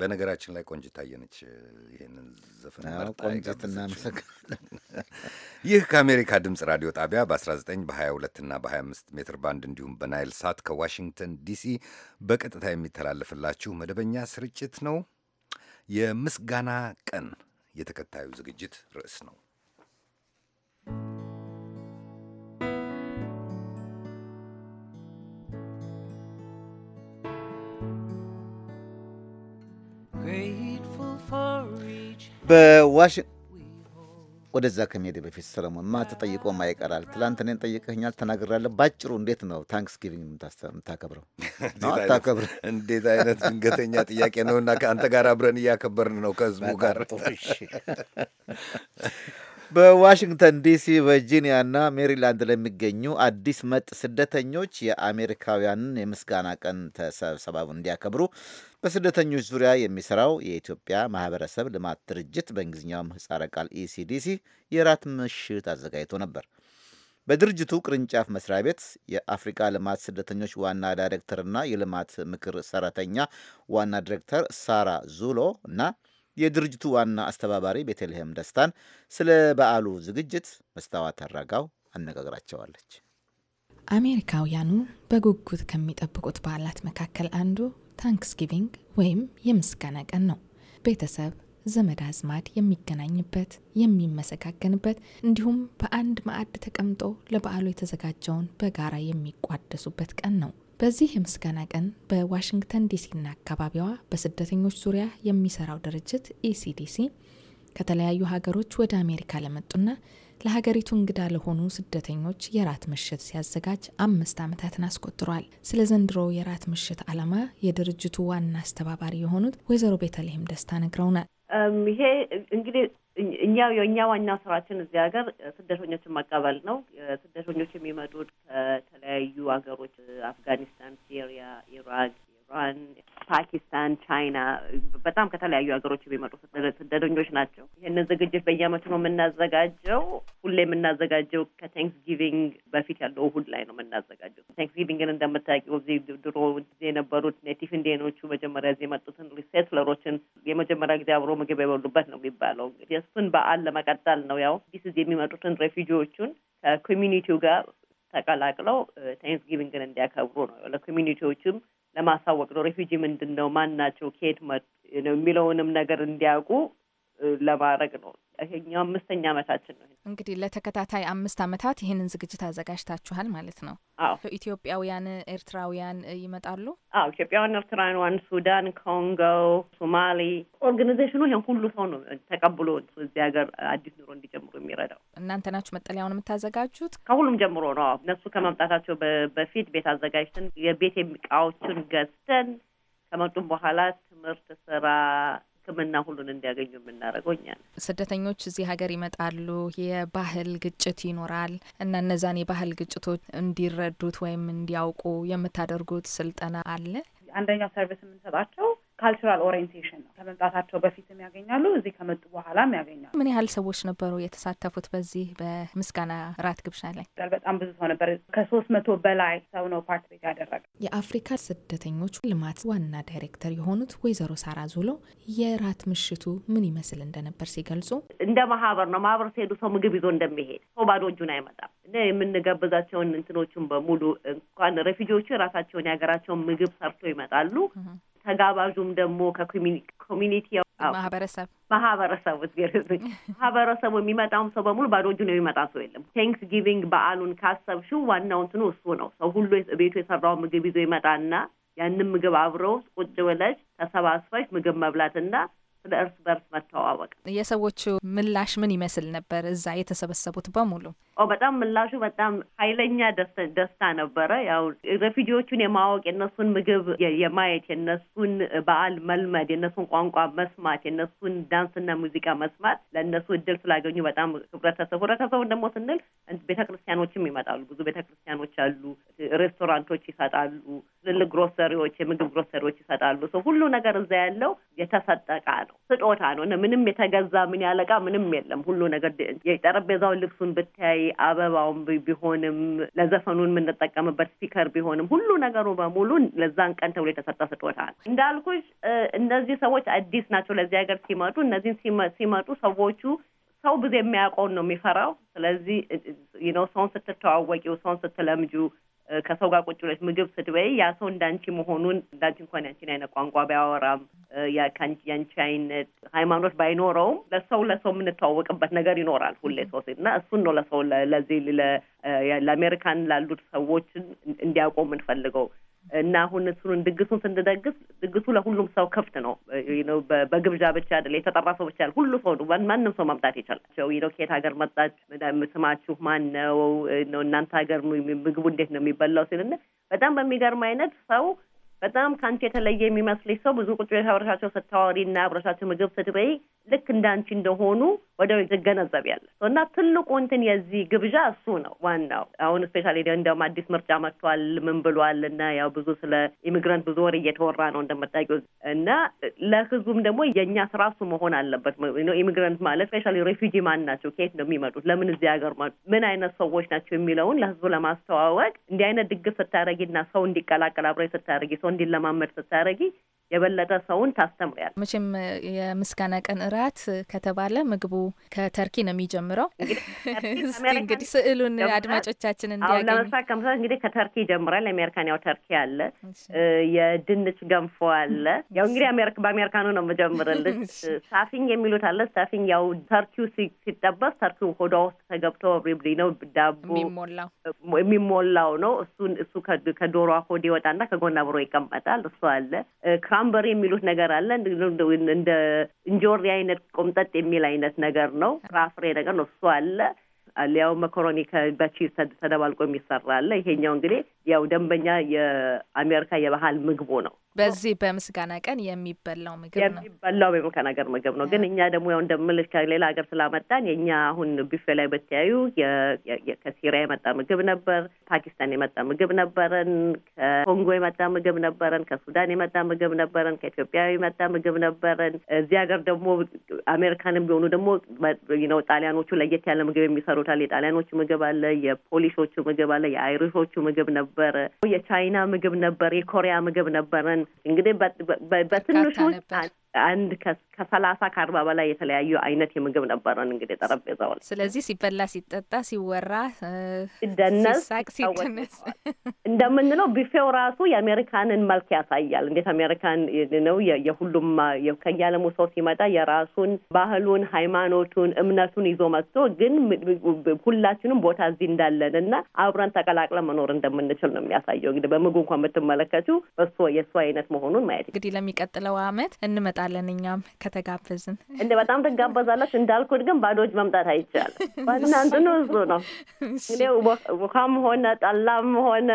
በነገራችን ላይ ቆንጅት ታየነች ይህንን ዘፈን ቆንጅት እናመሰግናለን። ይህ ከአሜሪካ ድምፅ ራዲዮ ጣቢያ በ19 በ22 እና በ25 ሜትር ባንድ እንዲሁም በናይል ሳት ከዋሽንግተን ዲሲ በቀጥታ የሚተላለፍላችሁ መደበኛ ስርጭት ነው። የምስጋና ቀን የተከታዩ ዝግጅት ርዕስ ነው። በዋሽንግተን ወደዛ ከመሄድ በፊት ሰለሞን ማ ተጠይቆ ማ ይቀራል። ትላንት እኔን ጠይቀኛል፣ ተናግራለሁ። ባጭሩ እንዴት ነው ታንክስ ጊቪንግ የምታከብረው? አታከብረ? እንዴት አይነት ድንገተኛ ጥያቄ እና ከአንተ ጋር አብረን እያከበርን ነው ከህዝቡ ጋር በዋሽንግተን ዲሲ፣ ቨርጂኒያ ሜሪላንድ ለሚገኙ አዲስ መጥ ስደተኞች የአሜሪካውያንን የምስጋና ቀን ተሰብሰባቡ እንዲያከብሩ በስደተኞች ዙሪያ የሚሰራው የኢትዮጵያ ማህበረሰብ ልማት ድርጅት በእንግሊዝኛው ምህጻረ ቃል ኢሲዲሲ e የራት ምሽት አዘጋጅቶ ነበር። በድርጅቱ ቅርንጫፍ መስሪያ ቤት የአፍሪካ ልማት ስደተኞች ዋና ዳይሬክተርና የልማት ምክር ሰራተኛ ዋና ዲሬክተር ሳራ ዙሎ እና የድርጅቱ ዋና አስተባባሪ ቤተልሔም ደስታን ስለ በዓሉ ዝግጅት መስታወት አራጋው አነጋግራቸዋለች። አሜሪካውያኑ በጉጉት ከሚጠብቁት በዓላት መካከል አንዱ ታንክስጊቪንግ ወይም የምስጋና ቀን ነው። ቤተሰብ ዘመድ አዝማድ የሚገናኝበት፣ የሚመሰጋገንበት እንዲሁም በአንድ ማዕድ ተቀምጦ ለበዓሉ የተዘጋጀውን በጋራ የሚቋደሱበት ቀን ነው። በዚህ የምስጋና ቀን በዋሽንግተን ዲሲና አካባቢዋ በስደተኞች ዙሪያ የሚሰራው ድርጅት ኢሲዲሲ e ከተለያዩ ሀገሮች ወደ አሜሪካ ለመጡና ለሀገሪቱ እንግዳ ለሆኑ ስደተኞች የራት ምሽት ሲያዘጋጅ አምስት ዓመታትን አስቆጥሯል። ስለ ዘንድሮ የራት ምሽት ዓላማ የድርጅቱ ዋና አስተባባሪ የሆኑት ወይዘሮ ቤተልሔም ደስታ ነግረውናል። ይሄ እንግዲህ እኛ የእኛ ዋናው ስራችን እዚህ ሀገር ስደተኞችን መቀበል ነው። ስደተኞች የሚመጡት ከተለያዩ ሀገሮች አፍጋኒስታን፣ ሲሪያ፣ ኢራቅ ኢራን፣ ፓኪስታን፣ ቻይና በጣም ከተለያዩ ሀገሮች የሚመጡ ስደተኞች ናቸው። ይህንን ዝግጅት በየአመቱ ነው የምናዘጋጀው። ሁሌ የምናዘጋጀው ከቴንክስ ጊቪንግ በፊት ያለው እሁድ ላይ ነው የምናዘጋጀው። ቴንክስ ጊቪንግን እንደምታውቂው እዚህ ድሮ ጊዜ የነበሩት ኔቲቭ ኢንዲያኖቹ መጀመሪያ እዚህ የመጡትን ሪሴትለሮችን የመጀመሪያ ጊዜ አብሮ ምግብ የበሉበት ነው የሚባለው። የእሱን በዓል ለመቀጠል ነው ያው ዲስዝ የሚመጡትን ሬፊጂዎቹን ከኮሚኒቲው ጋር ተቀላቅለው ታንክስጊቪንግን እንዲያከብሩ ነው። ለኮሚኒቲዎችም ለማሳወቅ ነው። ሪፊጂ ምንድን ነው? ማን ናቸው? ከየት መጡ? የሚለውንም ነገር እንዲያውቁ ለማድረግ ነው። ይሄኛው አምስተኛ ዓመታችን ነው። እንግዲህ ለተከታታይ አምስት ዓመታት ይህንን ዝግጅት አዘጋጅታችኋል ማለት ነው? አዎ። ኢትዮጵያውያን ኤርትራውያን ይመጣሉ? አዎ፣ ኢትዮጵያውያን፣ ኤርትራውያን፣ ሱዳን፣ ኮንጎ፣ ሶማሊ። ኦርጋናይዜሽኑ ይሄን ሁሉ ሰው ነው ተቀብሎ እዚህ ሀገር አዲስ ኑሮ እንዲጀምሩ የሚረዳው። እናንተ ናችሁ መጠለያውን የምታዘጋጁት? ከሁሉም ጀምሮ ነው። እነሱ ከመምጣታቸው በፊት ቤት አዘጋጅተን የቤት እቃዎችን ገዝተን ከመጡም በኋላ ትምህርት፣ ስራ ሕክምና ሁሉን እንዲያገኙ የምናደርገው እኛ ነን። ስደተኞች እዚህ ሀገር ይመጣሉ። የባህል ግጭት ይኖራል እና እነዛን የባህል ግጭቶች እንዲረዱት ወይም እንዲያውቁ የምታደርጉት ስልጠና አለ? አንደኛው ሰርቪስ የምንሰጣቸው ካልቸራል ኦሪንቴሽን ነው። ከመምጣታቸው በፊትም ያገኛሉ፣ እዚህ ከመጡ በኋላም ያገኛሉ። ምን ያህል ሰዎች ነበሩ የተሳተፉት በዚህ በምስጋና ራት ግብዣ ላይ? በጣም ብዙ ሰው ነበር። ከሶስት መቶ በላይ ሰው ነው ፓርቲቤት ያደረገ። የአፍሪካ ስደተኞች ልማት ዋና ዳይሬክተር የሆኑት ወይዘሮ ሳራ ዙሎ የራት ምሽቱ ምን ይመስል እንደነበር ሲገልጹ እንደ ማህበር ነው። ማህበር ሲሄዱ ሰው ምግብ ይዞ እንደሚሄድ ሰው ባዶ እጁን አይመጣም እ የምንጋበዛቸውን እንትኖቹን በሙሉ እንኳን ሬፊጂዎቹ የራሳቸውን የሀገራቸውን ምግብ ሰርቶ ይመጣሉ ተጋባዡም ደግሞ ከኮሚኒቲ ማህበረሰብ ማህበረሰቡ ማህበረሰቡ የሚመጣውም ሰው በሙሉ ባዶ እጁ ነው የሚመጣ ሰው የለም። ቴንክስ ጊቪንግ በዓሉን ካሰብሽው ዋናው እንትኑ እሱ ነው። ሰው ሁሉ ቤቱ የሰራውን ምግብ ይዞ ይመጣና ያንን ምግብ አብረው ቁጭ ብለሽ ተሰባስበሽ ምግብ መብላትና ስለ እርስ በርስ መተዋወቅ። የሰዎቹ ምላሽ ምን ይመስል ነበር? እዛ የተሰበሰቡት በሙሉ ኦ በጣም ምላሹ በጣም ኃይለኛ ደስታ ነበረ። ያው ሬፊጂዎቹን የማወቅ የነሱን ምግብ የማየት የነሱን በዓል መልመድ የነሱን ቋንቋ መስማት የነሱን ዳንስና ሙዚቃ መስማት ለእነሱ እድል ስላገኙ በጣም ህብረተሰቡ ህብረተሰቡን ደግሞ ስንል ቤተክርስቲያኖችም ይመጣሉ። ብዙ ቤተክርስቲያኖች አሉ። ሬስቶራንቶች ይሰጣሉ። ትልልቅ ግሮሰሪዎች፣ የምግብ ግሮሰሪዎች ይሰጣሉ። ሁሉ ነገር እዛ ያለው የተሰጠ እቃ ነው፣ ስጦታ ነው። ምንም የተገዛ ምን ያለቃ ምንም የለም። ሁሉ ነገር የጠረጴዛውን ልብሱን ብታይ አበባውም ቢሆንም ለዘፈኑን የምንጠቀምበት ስፒከር ቢሆንም ሁሉ ነገሩ በሙሉ ለዛን ቀን ተብሎ የተሰጠ ስጦታ ነው። እንዳልኩሽ እነዚህ ሰዎች አዲስ ናቸው ለዚህ ሀገር ሲመጡ። እነዚህን ሲመጡ ሰዎቹ ሰው ብዙ የሚያውቀውን ነው የሚፈራው። ስለዚህ ነው ሰውን ስትተዋወቂው፣ ሰውን ስትለምጁ፣ ከሰው ጋር ቁጭ ብለሽ ምግብ ስትበይ ያ ሰው እንዳንቺ መሆኑን እንዳንቺ እንኳን ያንቺን አይነት ቋንቋ ባያወራም ያንቺ አይነት ሃይማኖት ባይኖረውም ለሰው ለሰው የምንተዋወቅበት ነገር ይኖራል ሁሌ ሰው እና እሱን ነው ለሰው ለዚህ ለአሜሪካን ላሉት ሰዎች እንዲያውቁ የምንፈልገው እና አሁን እሱን ድግሱን ስንደግስ ድግሱ ለሁሉም ሰው ክፍት ነው ነው በግብዣ ብቻ አይደል የተጠራ ሰው ብቻ ሁሉ ሰው ነው ማንም ሰው መምጣት ይችላል ነው ከየት ሀገር መጣች ስማችሁ ማን ነው ነው እናንተ ሀገር ምግቡ እንዴት ነው የሚበላው ሲልና በጣም በሚገርም አይነት ሰው በጣም ከአንቺ የተለየ የሚመስልሽ ሰው ብዙ ቁጭ ቤት አብረሻቸው ስታዋሪ እና አብረሻቸው ምግብ ስትበይ ልክ እንደ አንቺ እንደሆኑ ወደው ትገነዘብ ያለ እና ትልቁ እንትን የዚህ ግብዣ እሱ ነው ዋናው። አሁን ስፔሻሊ እንደውም አዲስ ምርጫ መጥቷል ምን ብሏል እና ያው ብዙ ስለ ኢሚግራንት ብዙ ወር እየተወራ ነው እንደምታውቂው እና ለህዝቡም ደግሞ የእኛ ስራ እሱ መሆን አለበት። ኢሚግራንት ማለት ስፔሻሊ ሬፊጂ ማን ናቸው፣ ከየት ነው የሚመጡት፣ ለምን እዚህ ሀገር ምን አይነት ሰዎች ናቸው የሚለውን ለህዝቡ ለማስተዋወቅ እንዲህ አይነት ድግስ ስታደረጊ እና ሰው እንዲቀላቀል አብረ ስታደረጊ ሰው እንዲለማመድ ስታደረጊ የበለጠ ሰውን ታስተምሪያል። መቼም የምስጋና ቀን እራት ከተባለ ምግቡ ከተርኪ ነው የሚጀምረው። እንግዲህ ስዕሉን አድማጮቻችን እንዲያገኙ ለመስራት ከምሰት እንግዲህ ከተርኪ ይጀምራል። የአሜሪካን ያው ተርኪ አለ፣ የድንች ገንፎ አለ። ያው እንግዲህ በአሜሪካኑ ነው የምጀምርልሽ። ስታፊንግ የሚሉት አለ። ስታፊንግ ያው ተርኪው ሲጠበስ ተርኪው ሆዷ ውስጥ ተገብቶ ሪብሊ ነው ዳቦ የሚሞላው ነው። እሱ እሱ ከዶሯ ሆድ ይወጣና ከጎን አብሮ ይቀመጣል። እሱ አለ ክራም አንበር የሚሉት ነገር አለ። እንደ እንጆሪ አይነት ቆምጠጥ የሚል አይነት ነገር ነው፣ ፍራፍሬ ነገር ነው። እሱ አለ። ያው መኮሮኒ በቺዝ ተደባልቆ የሚሰራ አለ። ይሄኛው እንግዲህ ያው ደንበኛ የአሜሪካ የባህል ምግቡ ነው። በዚህ በምስጋና ቀን የሚበላው ምግብ ነው የሚበላው የምከን ሀገር ምግብ ነው። ግን እኛ ደግሞ ያው እንደምልሽ ከሌላ ሀገር ስላመጣን የእኛ አሁን ቢፌ ላይ በተያዩ ከሲሪያ የመጣ ምግብ ነበር፣ ፓኪስታን የመጣ ምግብ ነበረን፣ ከኮንጎ የመጣ ምግብ ነበረን፣ ከሱዳን የመጣ ምግብ ነበረን፣ ከኢትዮጵያ የመጣ ምግብ ነበረን። እዚህ ሀገር ደግሞ አሜሪካንም ቢሆኑ ደግሞ ነው ጣሊያኖቹ ለየት ያለ ምግብ የሚሰሩ ብለውታል። የጣሊያኖቹ ምግብ አለ፣ የፖሊሾቹ ምግብ አለ፣ የአይሪሾቹ ምግብ ነበረ፣ የቻይና ምግብ ነበር፣ የኮሪያ ምግብ ነበረን። እንግዲህ በትንሹ አንድ ከሰላሳ ከአርባ በላይ የተለያዩ አይነት የምግብ ነበረን እንግዲህ ጠረጴዛው ላይ። ስለዚህ ሲበላ፣ ሲጠጣ፣ ሲወራ፣ ሲደነስ፣ ሲደነስ እንደምንለው ቢፌው ራሱ የአሜሪካንን መልክ ያሳያል። እንዴት አሜሪካን ነው የሁሉም ከያለሙ ሰው ሲመጣ የራሱን ባህሉን፣ ሃይማኖቱን፣ እምነቱን ይዞ መጥቶ ግን ሁላችንም ቦታ እዚህ እንዳለን እና አብረን ተቀላቅለን መኖር እንደምንችል ነው የሚያሳየው። እንግዲህ በምግብ እንኳ የምትመለከቱ እሱ የእሱ አይነት መሆኑን ማየት እንግዲህ ለሚቀጥለው አመት እንመጣ እንመርጣለን። እኛም ከተጋበዝን እንደ በጣም ትጋበዛላችሁ። እንዳልኩት ግን ባዶ እጅ መምጣት አይቻልም። በእናንት ነው እሱ ነው እኔ ውሃም ሆነ ጠላም ሆነ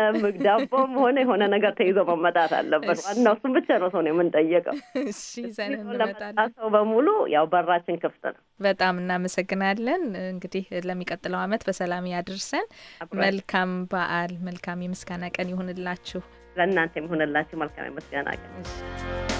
ዳቦም ሆነ የሆነ ነገር ተይዞ መመጣት አለበት። ዋናው እሱም ብቻ ነው ሰው ነው የምንጠየቀው። እሺ ሰው በሙሉ ያው በራችን ክፍት ነው። በጣም እናመሰግናለን። እንግዲህ ለሚቀጥለው አመት በሰላም ያድርሰን። መልካም በዓል፣ መልካም የምስጋና ቀን ይሁንላችሁ። ለእናንተ የሚሆንላችሁ መልካም የምስጋና ቀን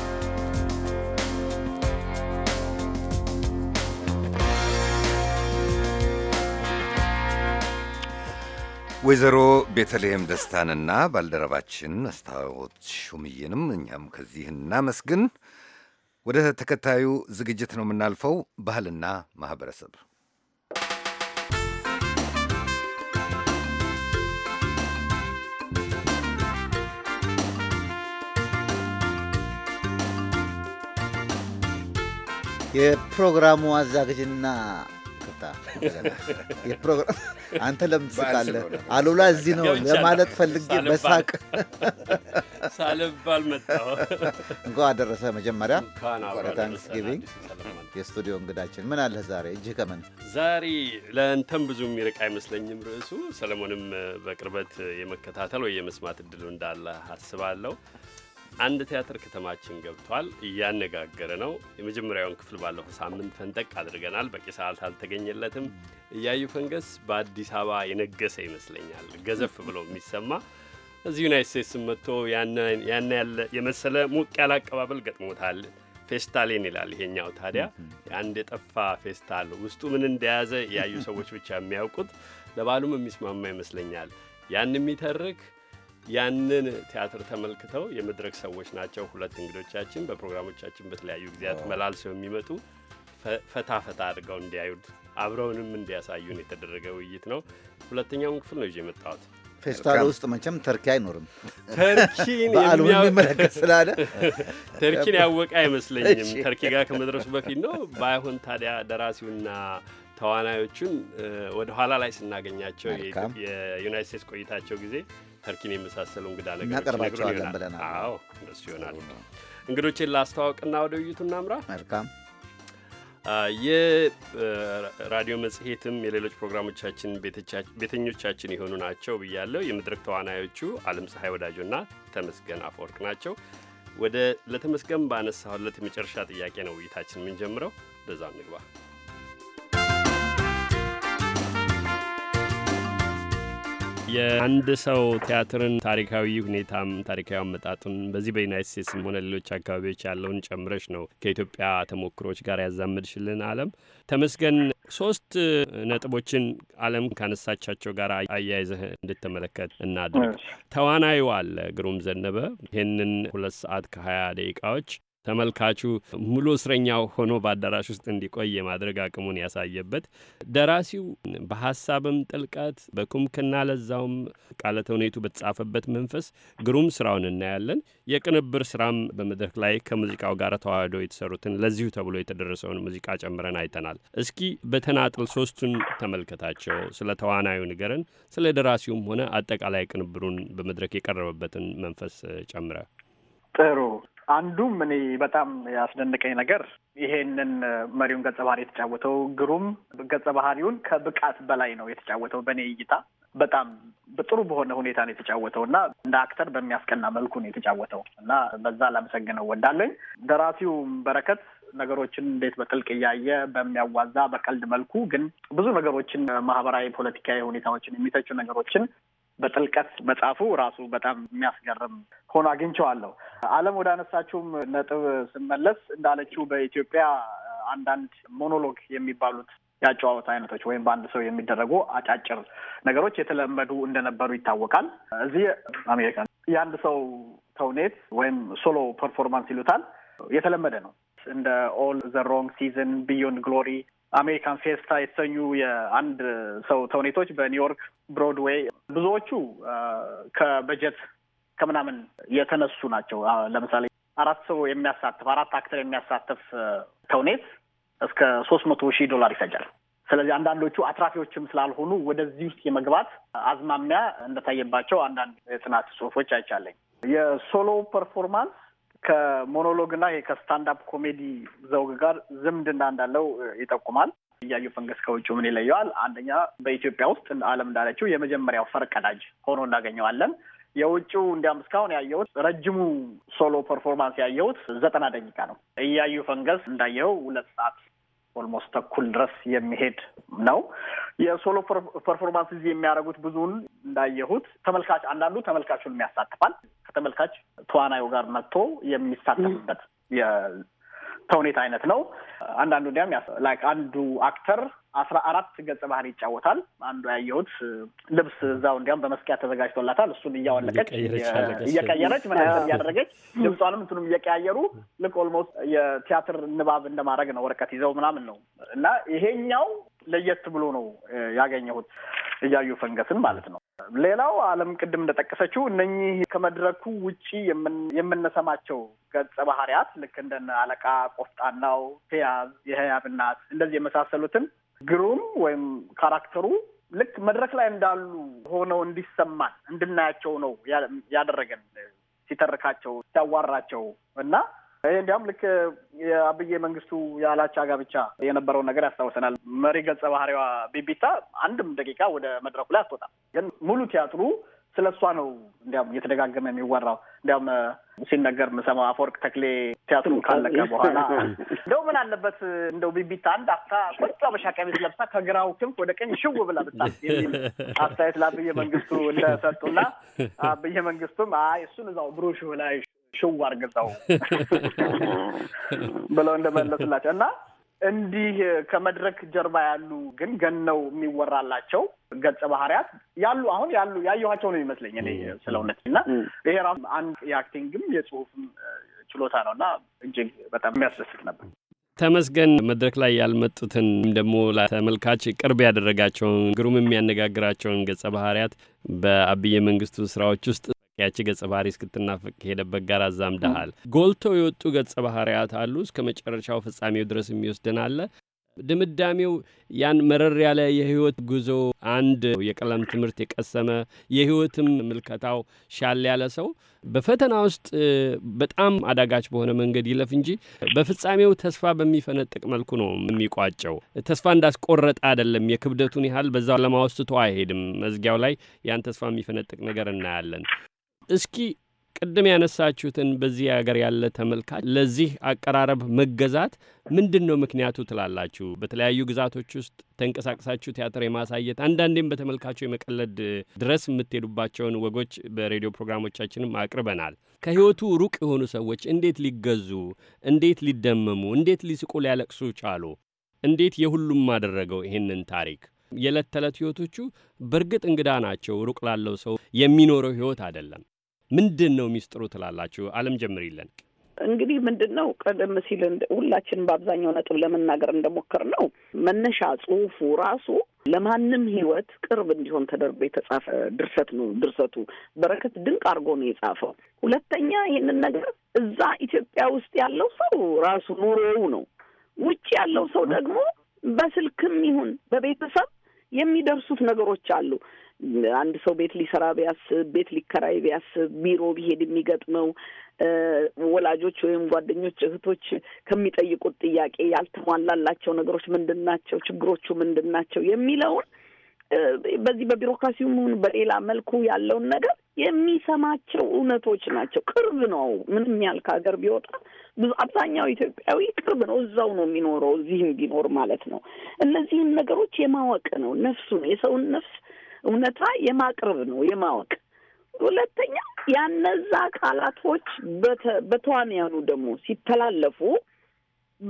ወይዘሮ ቤተልሔም ደስታንና ባልደረባችን አስታወት ሹምዬንም እኛም ከዚህ እናመስግን። ወደ ተከታዩ ዝግጅት ነው የምናልፈው። ባህልና ማህበረሰብ የፕሮግራሙ አዛግጅና መጣ። አንተ ለምን ትስቃለህ? አሉላ እዚህ ነው ለማለት ፈልጌ በሳቅ ሳልባል መጣሁ። እንኳን አደረሰ። መጀመሪያ ታንክስጊቪንግ የስቱዲዮ እንግዳችን ምን አለህ ዛሬ? እጅህ ከምን ዛሬ ለእንተም ብዙ የሚርቅ አይመስለኝም ርዕሱ። ሰለሞንም በቅርበት የመከታተል ወይ የመስማት እድሉ እንዳለ አስባለሁ። አንድ ቲያትር ከተማችን ገብቷል፣ እያነጋገረ ነው። የመጀመሪያውን ክፍል ባለፈው ሳምንት ፈንጠቅ አድርገናል። በቂ ሰዓት አልተገኘለትም። እያዩ ፈንገስ በአዲስ አበባ የነገሰ ይመስለኛል። ገዘፍ ብሎ የሚሰማ እዚህ ዩናይት ስቴትስ መጥቶ ያን ያለ የመሰለ ሞቅ ያለ አቀባበል ገጥሞታል። ፌስታሌን ይላል ይሄኛው። ታዲያ የአንድ የጠፋ ፌስታል ውስጡ ምን እንደያዘ ያዩ ሰዎች ብቻ የሚያውቁት ለባሉም የሚስማማ ይመስለኛል ያን የሚተርክ ያንን ቲያትር ተመልክተው የመድረክ ሰዎች ናቸው። ሁለት እንግዶቻችን በፕሮግራሞቻችን በተለያዩ ጊዜያት መላልሰው የሚመጡ ፈታ ፈታ አድርገው እንዲያዩት አብረውንም እንዲያሳዩን የተደረገ ውይይት ነው። ሁለተኛውን ክፍል ነው ይዤ የመጣሁት። ፌስታል ውስጥ መቼም ተርኪ አይኖርም። ተርኪንሚመለከት ስላለ ተርኪን ያወቀ አይመስለኝም። ተርኪ ጋር ከመድረሱ በፊት ነው። ባይሆን ታዲያ ደራሲውና ተዋናዮቹን ወደ ኋላ ላይ ስናገኛቸው የዩናይት ስቴትስ ቆይታቸው ጊዜ ተርኪን የመሳሰሉ እንግዳ ነገሮችናቀርባቸዋለን ብለናል። አዎ እንደሱ ይሆናል። እንግዶችን ላስተዋወቅና ወደ ውይይቱ እናምራ። መልካም የራዲዮ መጽሔትም የሌሎች ፕሮግራሞቻችን ቤተኞቻችን የሆኑ ናቸው ብያለው። የመድረክ ተዋናዮቹ አለም ፀሐይ ወዳጆና ተመስገን አፈወርቅ ናቸው። ወደ ለተመስገን ባነሳሁለት የመጨረሻ ጥያቄ ነው ውይይታችን የምንጀምረው። በዛም ንግባ የአንድ ሰው ቲያትርን ታሪካዊ ሁኔታም ታሪካዊ አመጣጡን በዚህ በዩናይት ስቴትስም ሆነ ሌሎች አካባቢዎች ያለውን ጨምረሽ ነው ከኢትዮጵያ ተሞክሮች ጋር ያዛምድሽልን። አለም ተመስገን፣ ሶስት ነጥቦችን አለም ካነሳቻቸው ጋር አያይዘህ እንድትመለከት እናድርግ። ተዋናዩ አለ ግሩም ዘነበ ይህንን ሁለት ሰዓት ከሀያ ደቂቃዎች ተመልካቹ ሙሉ እስረኛ ሆኖ በአዳራሽ ውስጥ እንዲቆይ የማድረግ አቅሙን ያሳየበት ደራሲው በሀሳብም ጥልቀት በኩምክና ለዛውም ቃለ ተውኔቱ በተጻፈበት መንፈስ ግሩም ስራውን እናያለን። የቅንብር ስራም በመድረክ ላይ ከሙዚቃው ጋር ተዋህዶ የተሰሩትን ለዚሁ ተብሎ የተደረሰውን ሙዚቃ ጨምረን አይተናል። እስኪ በተናጥል ሶስቱን ተመልከታቸው። ስለ ተዋናዩ ንገረን፣ ስለ ደራሲውም ሆነ አጠቃላይ ቅንብሩን በመድረክ የቀረበበትን መንፈስ ጨምረ ጥሩ አንዱም እኔ በጣም ያስደንቀኝ ነገር ይሄንን መሪውን ገጸ ባህሪ የተጫወተው ግሩም ገጸ ባህሪውን ከብቃት በላይ ነው የተጫወተው። በእኔ እይታ በጣም ጥሩ በሆነ ሁኔታ ነው የተጫወተው እና እንደ አክተር በሚያስቀና መልኩ ነው የተጫወተው እና በዛ ላመሰግነው ወዳለኝ ደራሲው በረከት ነገሮችን እንዴት በጥልቅ እያየ በሚያዋዛ በቀልድ መልኩ ግን ብዙ ነገሮችን ማህበራዊ፣ ፖለቲካዊ ሁኔታዎችን የሚተቹ ነገሮችን በጥልቀት መጻፉ ራሱ በጣም የሚያስገርም ሆኖ አግኝቸዋለሁ። ዓለም ወደ አነሳችሁም ነጥብ ስመለስ እንዳለችው በኢትዮጵያ አንዳንድ ሞኖሎግ የሚባሉት የአጨዋወት አይነቶች ወይም በአንድ ሰው የሚደረጉ አጫጭር ነገሮች የተለመዱ እንደነበሩ ይታወቃል። እዚህ አሜሪካ የአንድ ሰው ተውኔት ወይም ሶሎ ፐርፎርማንስ ይሉታል የተለመደ ነው። እንደ ኦል ዘ ሮንግ ሲዝን፣ ቢዮንድ ግሎሪ አሜሪካን ፌስታ የተሰኙ የአንድ ሰው ተውኔቶች በኒውዮርክ ብሮድዌይ ብዙዎቹ ከበጀት ከምናምን የተነሱ ናቸው። ለምሳሌ አራት ሰው የሚያሳትፍ አራት አክተር የሚያሳትፍ ተውኔት እስከ ሶስት መቶ ሺህ ዶላር ይፈጃል። ስለዚህ አንዳንዶቹ አትራፊዎችም ስላልሆኑ ወደዚህ ውስጥ የመግባት አዝማሚያ እንደታየባቸው አንዳንድ የጥናት ጽሁፎች አይቻለኝ። የሶሎ ፐርፎርማንስ ከሞኖሎግ እና ከስታንዳፕ ኮሜዲ ዘውግ ጋር ዝምድና እንዳለው ይጠቁማል። እያዩ ፈንገስ ከውጭ ምን ይለየዋል? አንደኛ በኢትዮጵያ ውስጥ አለም እንዳለችው የመጀመሪያው ፈርቀዳጅ ሆኖ እናገኘዋለን። የውጭው እንዲያም እስካሁን ያየሁት ረጅሙ ሶሎ ፐርፎርማንስ ያየሁት ዘጠና ደቂቃ ነው። እያዩ ፈንገስ እንዳየኸው ሁለት ሰዓት ኦልሞስት ተኩል ድረስ የሚሄድ ነው። የሶሎ ፐርፎርማንስ እዚህ የሚያደርጉት ብዙውን እንዳየሁት ተመልካች አንዳንዱ ተመልካቹን የሚያሳትፋል ከተመልካች ተዋናዩ ጋር መጥቶ የሚሳተፍበት የተውኔት አይነት ነው። አንዳንዱ እንዲያውም አንዱ አክተር አስራ አራት ገጸ ባህሪ ይጫወታል። አንዱ ያየሁት ልብስ እዛው እንዲያውም በመስቀያ ተዘጋጅቶላታል። እሱን እያወለቀች እየቀየረች ምን አይነት እያደረገች ልብሷንም እንትኑም እየቀያየሩ ልክ ኦልሞስት የቲያትር ንባብ እንደማድረግ ነው። ወረቀት ይዘው ምናምን ነው እና ይሄኛው ለየት ብሎ ነው ያገኘሁት እያዩ ፈንገስን ማለት ነው። ሌላው አለም ቅድም እንደጠቀሰችው እነኚህ ከመድረኩ ውጪ የምንሰማቸው ገጸ ባህሪያት ልክ እንደ አለቃ ቆፍጣናው፣ ፒያዝ፣ የህያብናት እንደዚህ የመሳሰሉትን ግሩም ወይም ካራክተሩ ልክ መድረክ ላይ እንዳሉ ሆነው እንዲሰማን እንድናያቸው ነው ያደረገን። ሲተርካቸው ሲያዋራቸው እና ይህ እንዲያውም ልክ የአብዬ መንግስቱ የአላቻ ጋብቻ የነበረውን ነገር ያስታውሰናል። መሪ ገጸ ባህሪዋ ቢቢታ አንድም ደቂቃ ወደ መድረኩ ላይ አትወጣም፣ ግን ሙሉ ቲያትሩ ስለ እሷ ነው እንዲያውም እየተደጋገመ የሚወራው። እንዲያውም ሲነገር ምሰማው አፈወርቅ ተክሌ ቲያትሩ ካለቀ በኋላ እንደው ምን አለበት እንደው ቢቢታ አንድ አፍታ ቆጭ አበሻ ቀሚስ ለብሳ ከግራው ክንፍ ወደ ቀኝ ሽው ብላ ብታ የሚል አስተያየት ለአብየ መንግስቱ እንደሰጡና አብየ መንግስቱም አይ እሱን እዛው ብሮሹ ላይ ሽው አርግዘው ብለው እንደመለስላቸው እና እንዲህ ከመድረክ ጀርባ ያሉ ግን ገነው የሚወራላቸው ገጸ ባህሪያት ያሉ አሁን ያሉ ያየኋቸው ነው ይመስለኝ እኔ ስለ እውነት እና ይሄ ራሱ አንድ የአክቲንግም የጽሁፍም ችሎታ ነው እና እጅግ በጣም የሚያስደስት ነበር። ተመስገን መድረክ ላይ ያልመጡትን ወይም ደግሞ ለተመልካች ቅርብ ያደረጋቸውን ግሩም የሚያነጋግራቸውን ገጸ ባህርያት በአብየ መንግስቱ ስራዎች ውስጥ ያቺ ገጸ ባህሪ እስክትናፈቅ ከሄደበት ጋር አዛምደሃል። ጎልተው የወጡ ገጸ ባህሪያት አሉ። እስከ መጨረሻው ፍጻሜው ድረስ የሚወስደን አለ። ድምዳሜው ያን መረር ያለ የህይወት ጉዞ አንድ የቀለም ትምህርት የቀሰመ የህይወትም ምልከታው ሻል ያለ ሰው በፈተና ውስጥ በጣም አዳጋች በሆነ መንገድ ይለፍ እንጂ በፍጻሜው ተስፋ በሚፈነጥቅ መልኩ ነው የሚቋጨው። ተስፋ እንዳስቆረጠ አይደለም። የክብደቱን ያህል በዛ ለማወስትቶ አይሄድም። መዝጊያው ላይ ያን ተስፋ የሚፈነጥቅ ነገር እናያለን። እስኪ ቅድም ያነሳችሁትን በዚህ ሀገር ያለ ተመልካች ለዚህ አቀራረብ መገዛት ምንድን ነው ምክንያቱ ትላላችሁ? በተለያዩ ግዛቶች ውስጥ ተንቀሳቀሳችሁ ቲያትር የማሳየት አንዳንዴም በተመልካቹ የመቀለድ ድረስ የምትሄዱባቸውን ወጎች በሬዲዮ ፕሮግራሞቻችንም አቅርበናል። ከህይወቱ ሩቅ የሆኑ ሰዎች እንዴት ሊገዙ፣ እንዴት ሊደመሙ፣ እንዴት ሊስቁ፣ ሊያለቅሱ ቻሉ? እንዴት የሁሉም አደረገው ይህንን ታሪክ? የዕለት ተዕለት ህይወቶቹ በእርግጥ እንግዳ ናቸው። ሩቅ ላለው ሰው የሚኖረው ህይወት አይደለም። ምንድን ነው ሚስጥሩ ትላላችሁ? አለም ጀምሪልን። እንግዲህ ምንድን ነው ቀደም ሲል ሁላችን በአብዛኛው ነጥብ ለመናገር እንደሞከር ነው መነሻ ጽሁፉ ራሱ ለማንም ህይወት ቅርብ እንዲሆን ተደርጎ የተጻፈ ድርሰት ነው። ድርሰቱ በረከት ድንቅ አድርጎ ነው የጻፈው። ሁለተኛ ይህንን ነገር እዛ ኢትዮጵያ ውስጥ ያለው ሰው ራሱ ኑሮው ነው። ውጭ ያለው ሰው ደግሞ በስልክም ይሁን በቤተሰብ የሚደርሱት ነገሮች አሉ። አንድ ሰው ቤት ሊሰራ ቢያስብ፣ ቤት ሊከራይ ቢያስብ፣ ቢሮ ቢሄድ የሚገጥመው ወላጆች ወይም ጓደኞች እህቶች ከሚጠይቁት ጥያቄ ያልተሟላላቸው ነገሮች ምንድን ናቸው? ችግሮቹ ምንድን ናቸው? የሚለውን በዚህ በቢሮክራሲውም በሌላ መልኩ ያለውን ነገር የሚሰማቸው እውነቶች ናቸው። ቅርብ ነው። ምንም ያህል ከሀገር ቢወጣ ብዙ አብዛኛው ኢትዮጵያዊ ቅርብ ነው። እዛው ነው የሚኖረው፣ እዚህም ቢኖር ማለት ነው። እነዚህን ነገሮች የማወቅ ነው። ነፍሱን የሰውን ነፍስ እውነታ የማቅረብ ነው የማወቅ ሁለተኛ ያነዛ ቃላቶች በተዋንያኑ ደግሞ ሲተላለፉ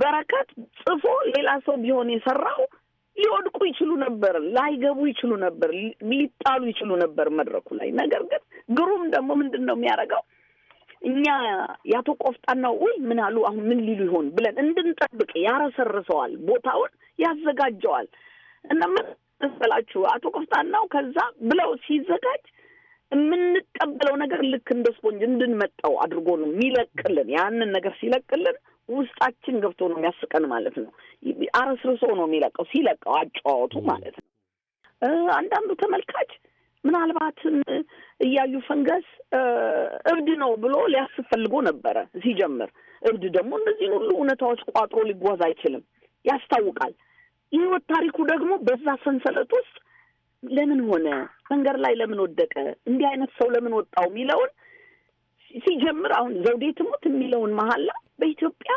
በረከት ጽፎ ሌላ ሰው ቢሆን የሰራው ሊወድቁ ይችሉ ነበር፣ ላይገቡ ይችሉ ነበር፣ ሊጣሉ ይችሉ ነበር መድረኩ ላይ። ነገር ግን ግሩም ደግሞ ምንድን ነው የሚያደርገው? እኛ የአቶ ቆፍጣናው ውይ ምን አሉ አሁን ምን ሊሉ ይሆን ብለን እንድንጠብቅ ያረሰርሰዋል፣ ቦታውን ያዘጋጀዋል። ምን መሰላችሁ አቶ ቆፍጣናው ከዛ ብለው ሲዘጋጅ የምንቀበለው ነገር ልክ እንደ ስፖንጅ እንድንመጣው አድርጎ ነው የሚለቅልን። ያንን ነገር ሲለቅልን ውስጣችን ገብቶ ነው የሚያስቀን ማለት ነው። አረስርሶ ነው የሚለቀው ሲለቀው አጨዋወቱ ማለት ነው። አንዳንዱ ተመልካች ምናልባትም እያዩ ፈንገስ እብድ ነው ብሎ ሊያስብ ፈልጎ ነበረ ሲጀምር። እብድ ደግሞ እነዚህን ሁሉ እውነታዎች ቋጥሮ ሊጓዝ አይችልም፣ ያስታውቃል። የህይወት ታሪኩ ደግሞ በዛ ሰንሰለት ውስጥ ለምን ሆነ፣ መንገድ ላይ ለምን ወደቀ፣ እንዲህ አይነት ሰው ለምን ወጣው የሚለውን ሲጀምር አሁን ዘውዴ ትሙት የሚለውን መሀላ በኢትዮጵያ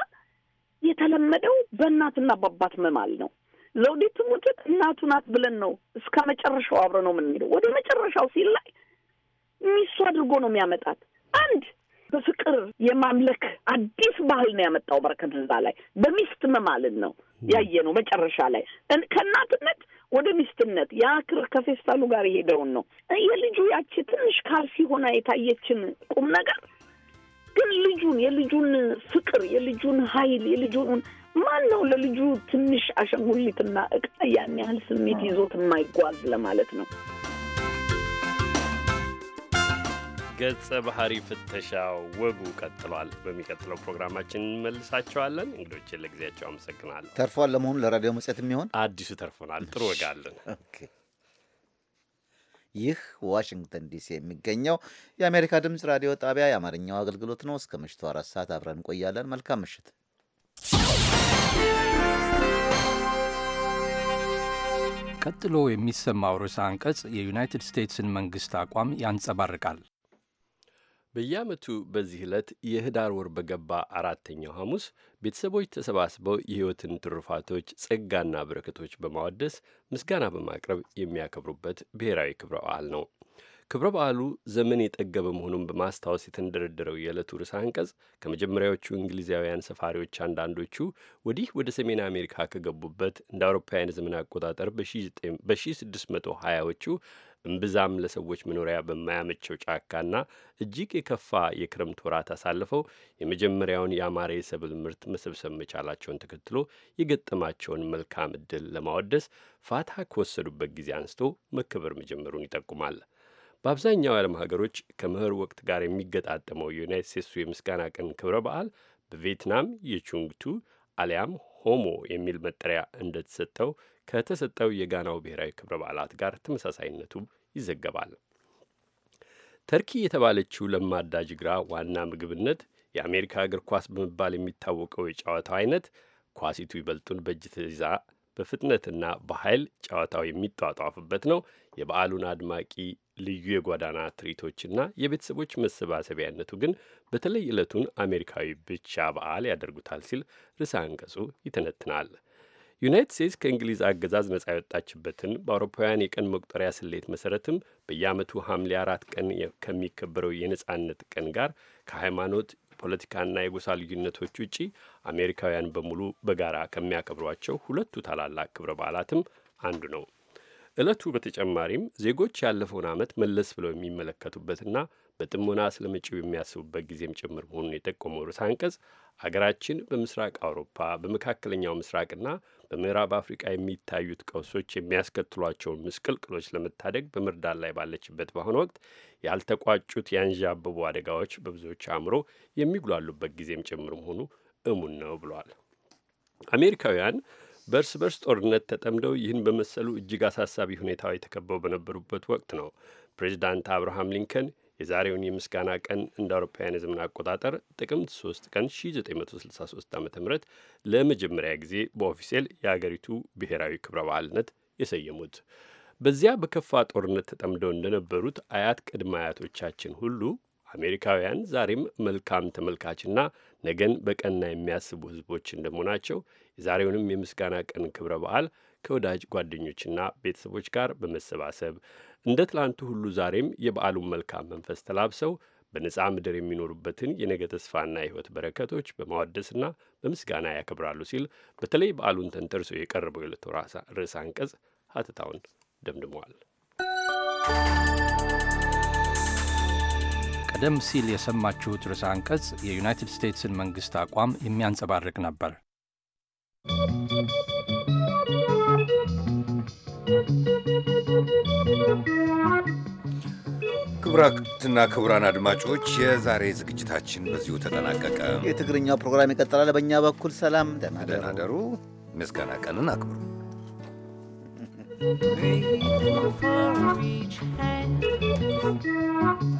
የተለመደው በእናትና በአባት መማል ነው። ዘውዴ ትሙትን እናቱ ናት ብለን ነው እስከ መጨረሻው አብረ ነው የምንሄደው። ወደ መጨረሻው ሲል ላይ ሚስቱ አድርጎ ነው የሚያመጣት። አንድ በፍቅር የማምለክ አዲስ ባህል ነው ያመጣው። በረከት እዛ ላይ በሚስት መማልን ነው ያየ ነው። መጨረሻ ላይ ከእናትነት ወደ ሚስትነት ያ ክር ከፌስታሉ ጋር የሄደውን ነው። የልጁ ያቺ ትንሽ ካልሲ ሆና የታየችን ቁም ነገር ግን ልጁን የልጁን ፍቅር የልጁን ኃይል የልጁን ማን ነው ለልጁ ትንሽ አሻንጉሊትና እቃ ያን ያህል ስሜት ይዞት የማይጓዝ ለማለት ነው። ገጸ ባህሪ ፍተሻ ወጉ ቀጥሏል። በሚቀጥለው ፕሮግራማችን እንመልሳቸዋለን። እንግዶችን ለጊዜያቸው አመሰግናለሁ። ተርፏል። ለመሆኑ ለራዲዮ መጽሔት የሚሆን አዲሱ ተርፎናል። ጥሩ ወጋለን። ይህ ዋሽንግተን ዲሲ የሚገኘው የአሜሪካ ድምፅ ራዲዮ ጣቢያ የአማርኛው አገልግሎት ነው። እስከ ምሽቱ አራት ሰዓት አብረን እንቆያለን። መልካም ምሽት። ቀጥሎ የሚሰማው ርዕሰ አንቀጽ የዩናይትድ ስቴትስን መንግሥት አቋም ያንጸባርቃል። በየዓመቱ በዚህ ዕለት የህዳር ወር በገባ አራተኛው ሐሙስ ቤተሰቦች ተሰባስበው የሕይወትን ትሩፋቶች ጸጋና በረከቶች በማወደስ ምስጋና በማቅረብ የሚያከብሩበት ብሔራዊ ክብረ በዓል ነው። ክብረ በዓሉ ዘመን የጠገበ መሆኑን በማስታወስ የተንደረደረው የዕለቱ ርዕሰ አንቀጽ ከመጀመሪያዎቹ እንግሊዛውያን ሰፋሪዎች አንዳንዶቹ ወዲህ ወደ ሰሜን አሜሪካ ከገቡበት እንደ አውሮፓውያን ዘመን አቆጣጠር በ 1620 ዎቹ እምብዛም ለሰዎች መኖሪያ በማያመቸው ጫካና እጅግ የከፋ የክረምት ወራት አሳልፈው የመጀመሪያውን የአማረ የሰብል ምርት መሰብሰብ መቻላቸውን ተከትሎ የገጠማቸውን መልካም እድል ለማወደስ ፋታ ከወሰዱበት ጊዜ አንስቶ መከበር መጀመሩን ይጠቁማል። በአብዛኛው የዓለም ሀገሮች ከምህር ወቅት ጋር የሚገጣጠመው የዩናይት ስቴትሱ የምስጋና ቀን ክብረ በዓል በቪየትናም የቹንግቱ አሊያም ሆሞ የሚል መጠሪያ እንደተሰጠው ከተሰጠው የጋናው ብሔራዊ ክብረ በዓላት ጋር ተመሳሳይነቱ ይዘገባል። ተርኪ የተባለችው ለማዳ ጅግራ ዋና ምግብነት የአሜሪካ እግር ኳስ በመባል የሚታወቀው የጨዋታው አይነት ኳሲቱ ይበልጡን በእጅ ተይዛ በፍጥነትና በኃይል ጨዋታው የሚጧጧፍበት ነው። የበዓሉን አድማቂ ልዩ የጓዳና ትርኢቶችና የቤተሰቦች መሰባሰቢያነቱ ግን በተለይ ዕለቱን አሜሪካዊ ብቻ በዓል ያደርጉታል ሲል ርዕሰ አንቀጹ ይተነትናል። ዩናይትድ ስቴትስ ከእንግሊዝ አገዛዝ ነጻ የወጣችበትን በአውሮፓውያን የቀን መቁጠሪያ ስሌት መሰረትም በየአመቱ ሐምሌ አራት ቀን ከሚከበረው የነጻነት ቀን ጋር ከሃይማኖት ፖለቲካና የጎሳ ልዩነቶች ውጪ አሜሪካውያን በሙሉ በጋራ ከሚያከብሯቸው ሁለቱ ታላላቅ ክብረ በዓላትም አንዱ ነው። ዕለቱ በተጨማሪም ዜጎች ያለፈውን ዓመት መለስ ብለው የሚመለከቱበትና በጥሞና ስለ መጪው የሚያስቡበት ጊዜም ጭምር መሆኑን የጠቆመው ርዕሰ አንቀጽ አገራችን በምስራቅ አውሮፓ በመካከለኛው ምስራቅና በምዕራብ አፍሪቃ የሚታዩት ቀውሶች የሚያስከትሏቸውን ምስቅልቅሎች ለመታደግ በመርዳት ላይ ባለችበት በአሁኑ ወቅት ያልተቋጩት ያንዣበቡ አደጋዎች በብዙዎች አእምሮ የሚጉላሉበት ጊዜም ጭምር መሆኑ እሙን ነው ብሏል። አሜሪካውያን በእርስ በርስ ጦርነት ተጠምደው ይህን በመሰሉ እጅግ አሳሳቢ ሁኔታዎች ተከበው በነበሩበት ወቅት ነው ፕሬዚዳንት አብርሃም ሊንከን የዛሬውን የምስጋና ቀን እንደ አውሮፓውያን የዘመን አቆጣጠር ጥቅምት 3 ቀን 1963 ዓ ም ለመጀመሪያ ጊዜ በኦፊሴል የአገሪቱ ብሔራዊ ክብረ በዓልነት የሰየሙት በዚያ በከፋ ጦርነት ተጠምደው እንደነበሩት አያት ቅድመ አያቶቻችን ሁሉ አሜሪካውያን ዛሬም መልካም ተመልካችና ነገን በቀና የሚያስቡ ህዝቦች እንደመሆናቸው የዛሬውንም የምስጋና ቀን ክብረ በዓል ከወዳጅ ጓደኞችና ቤተሰቦች ጋር በመሰባሰብ እንደ ትላንቱ ሁሉ ዛሬም የበዓሉን መልካም መንፈስ ተላብሰው በነፃ ምድር የሚኖሩበትን የነገ ተስፋና የህይወት በረከቶች በማወደስና በምስጋና ያከብራሉ ሲል በተለይ በዓሉን ተንተርሶ የቀረበው የዕለቱ ርዕሰ አንቀጽ ሀተታውን ደምድመዋል። ቀደም ሲል የሰማችሁት ርዕሰ አንቀጽ የዩናይትድ ስቴትስን መንግሥት አቋም የሚያንጸባርቅ ነበር። ክቡራትና ክቡራን አድማጮች የዛሬ ዝግጅታችን በዚሁ ተጠናቀቀ። የትግርኛው ፕሮግራም ይቀጥላል። በእኛ በኩል ሰላም፣ ደህና ደሩ። ምስጋና ቀንን አክብሩ። Breathing for each hand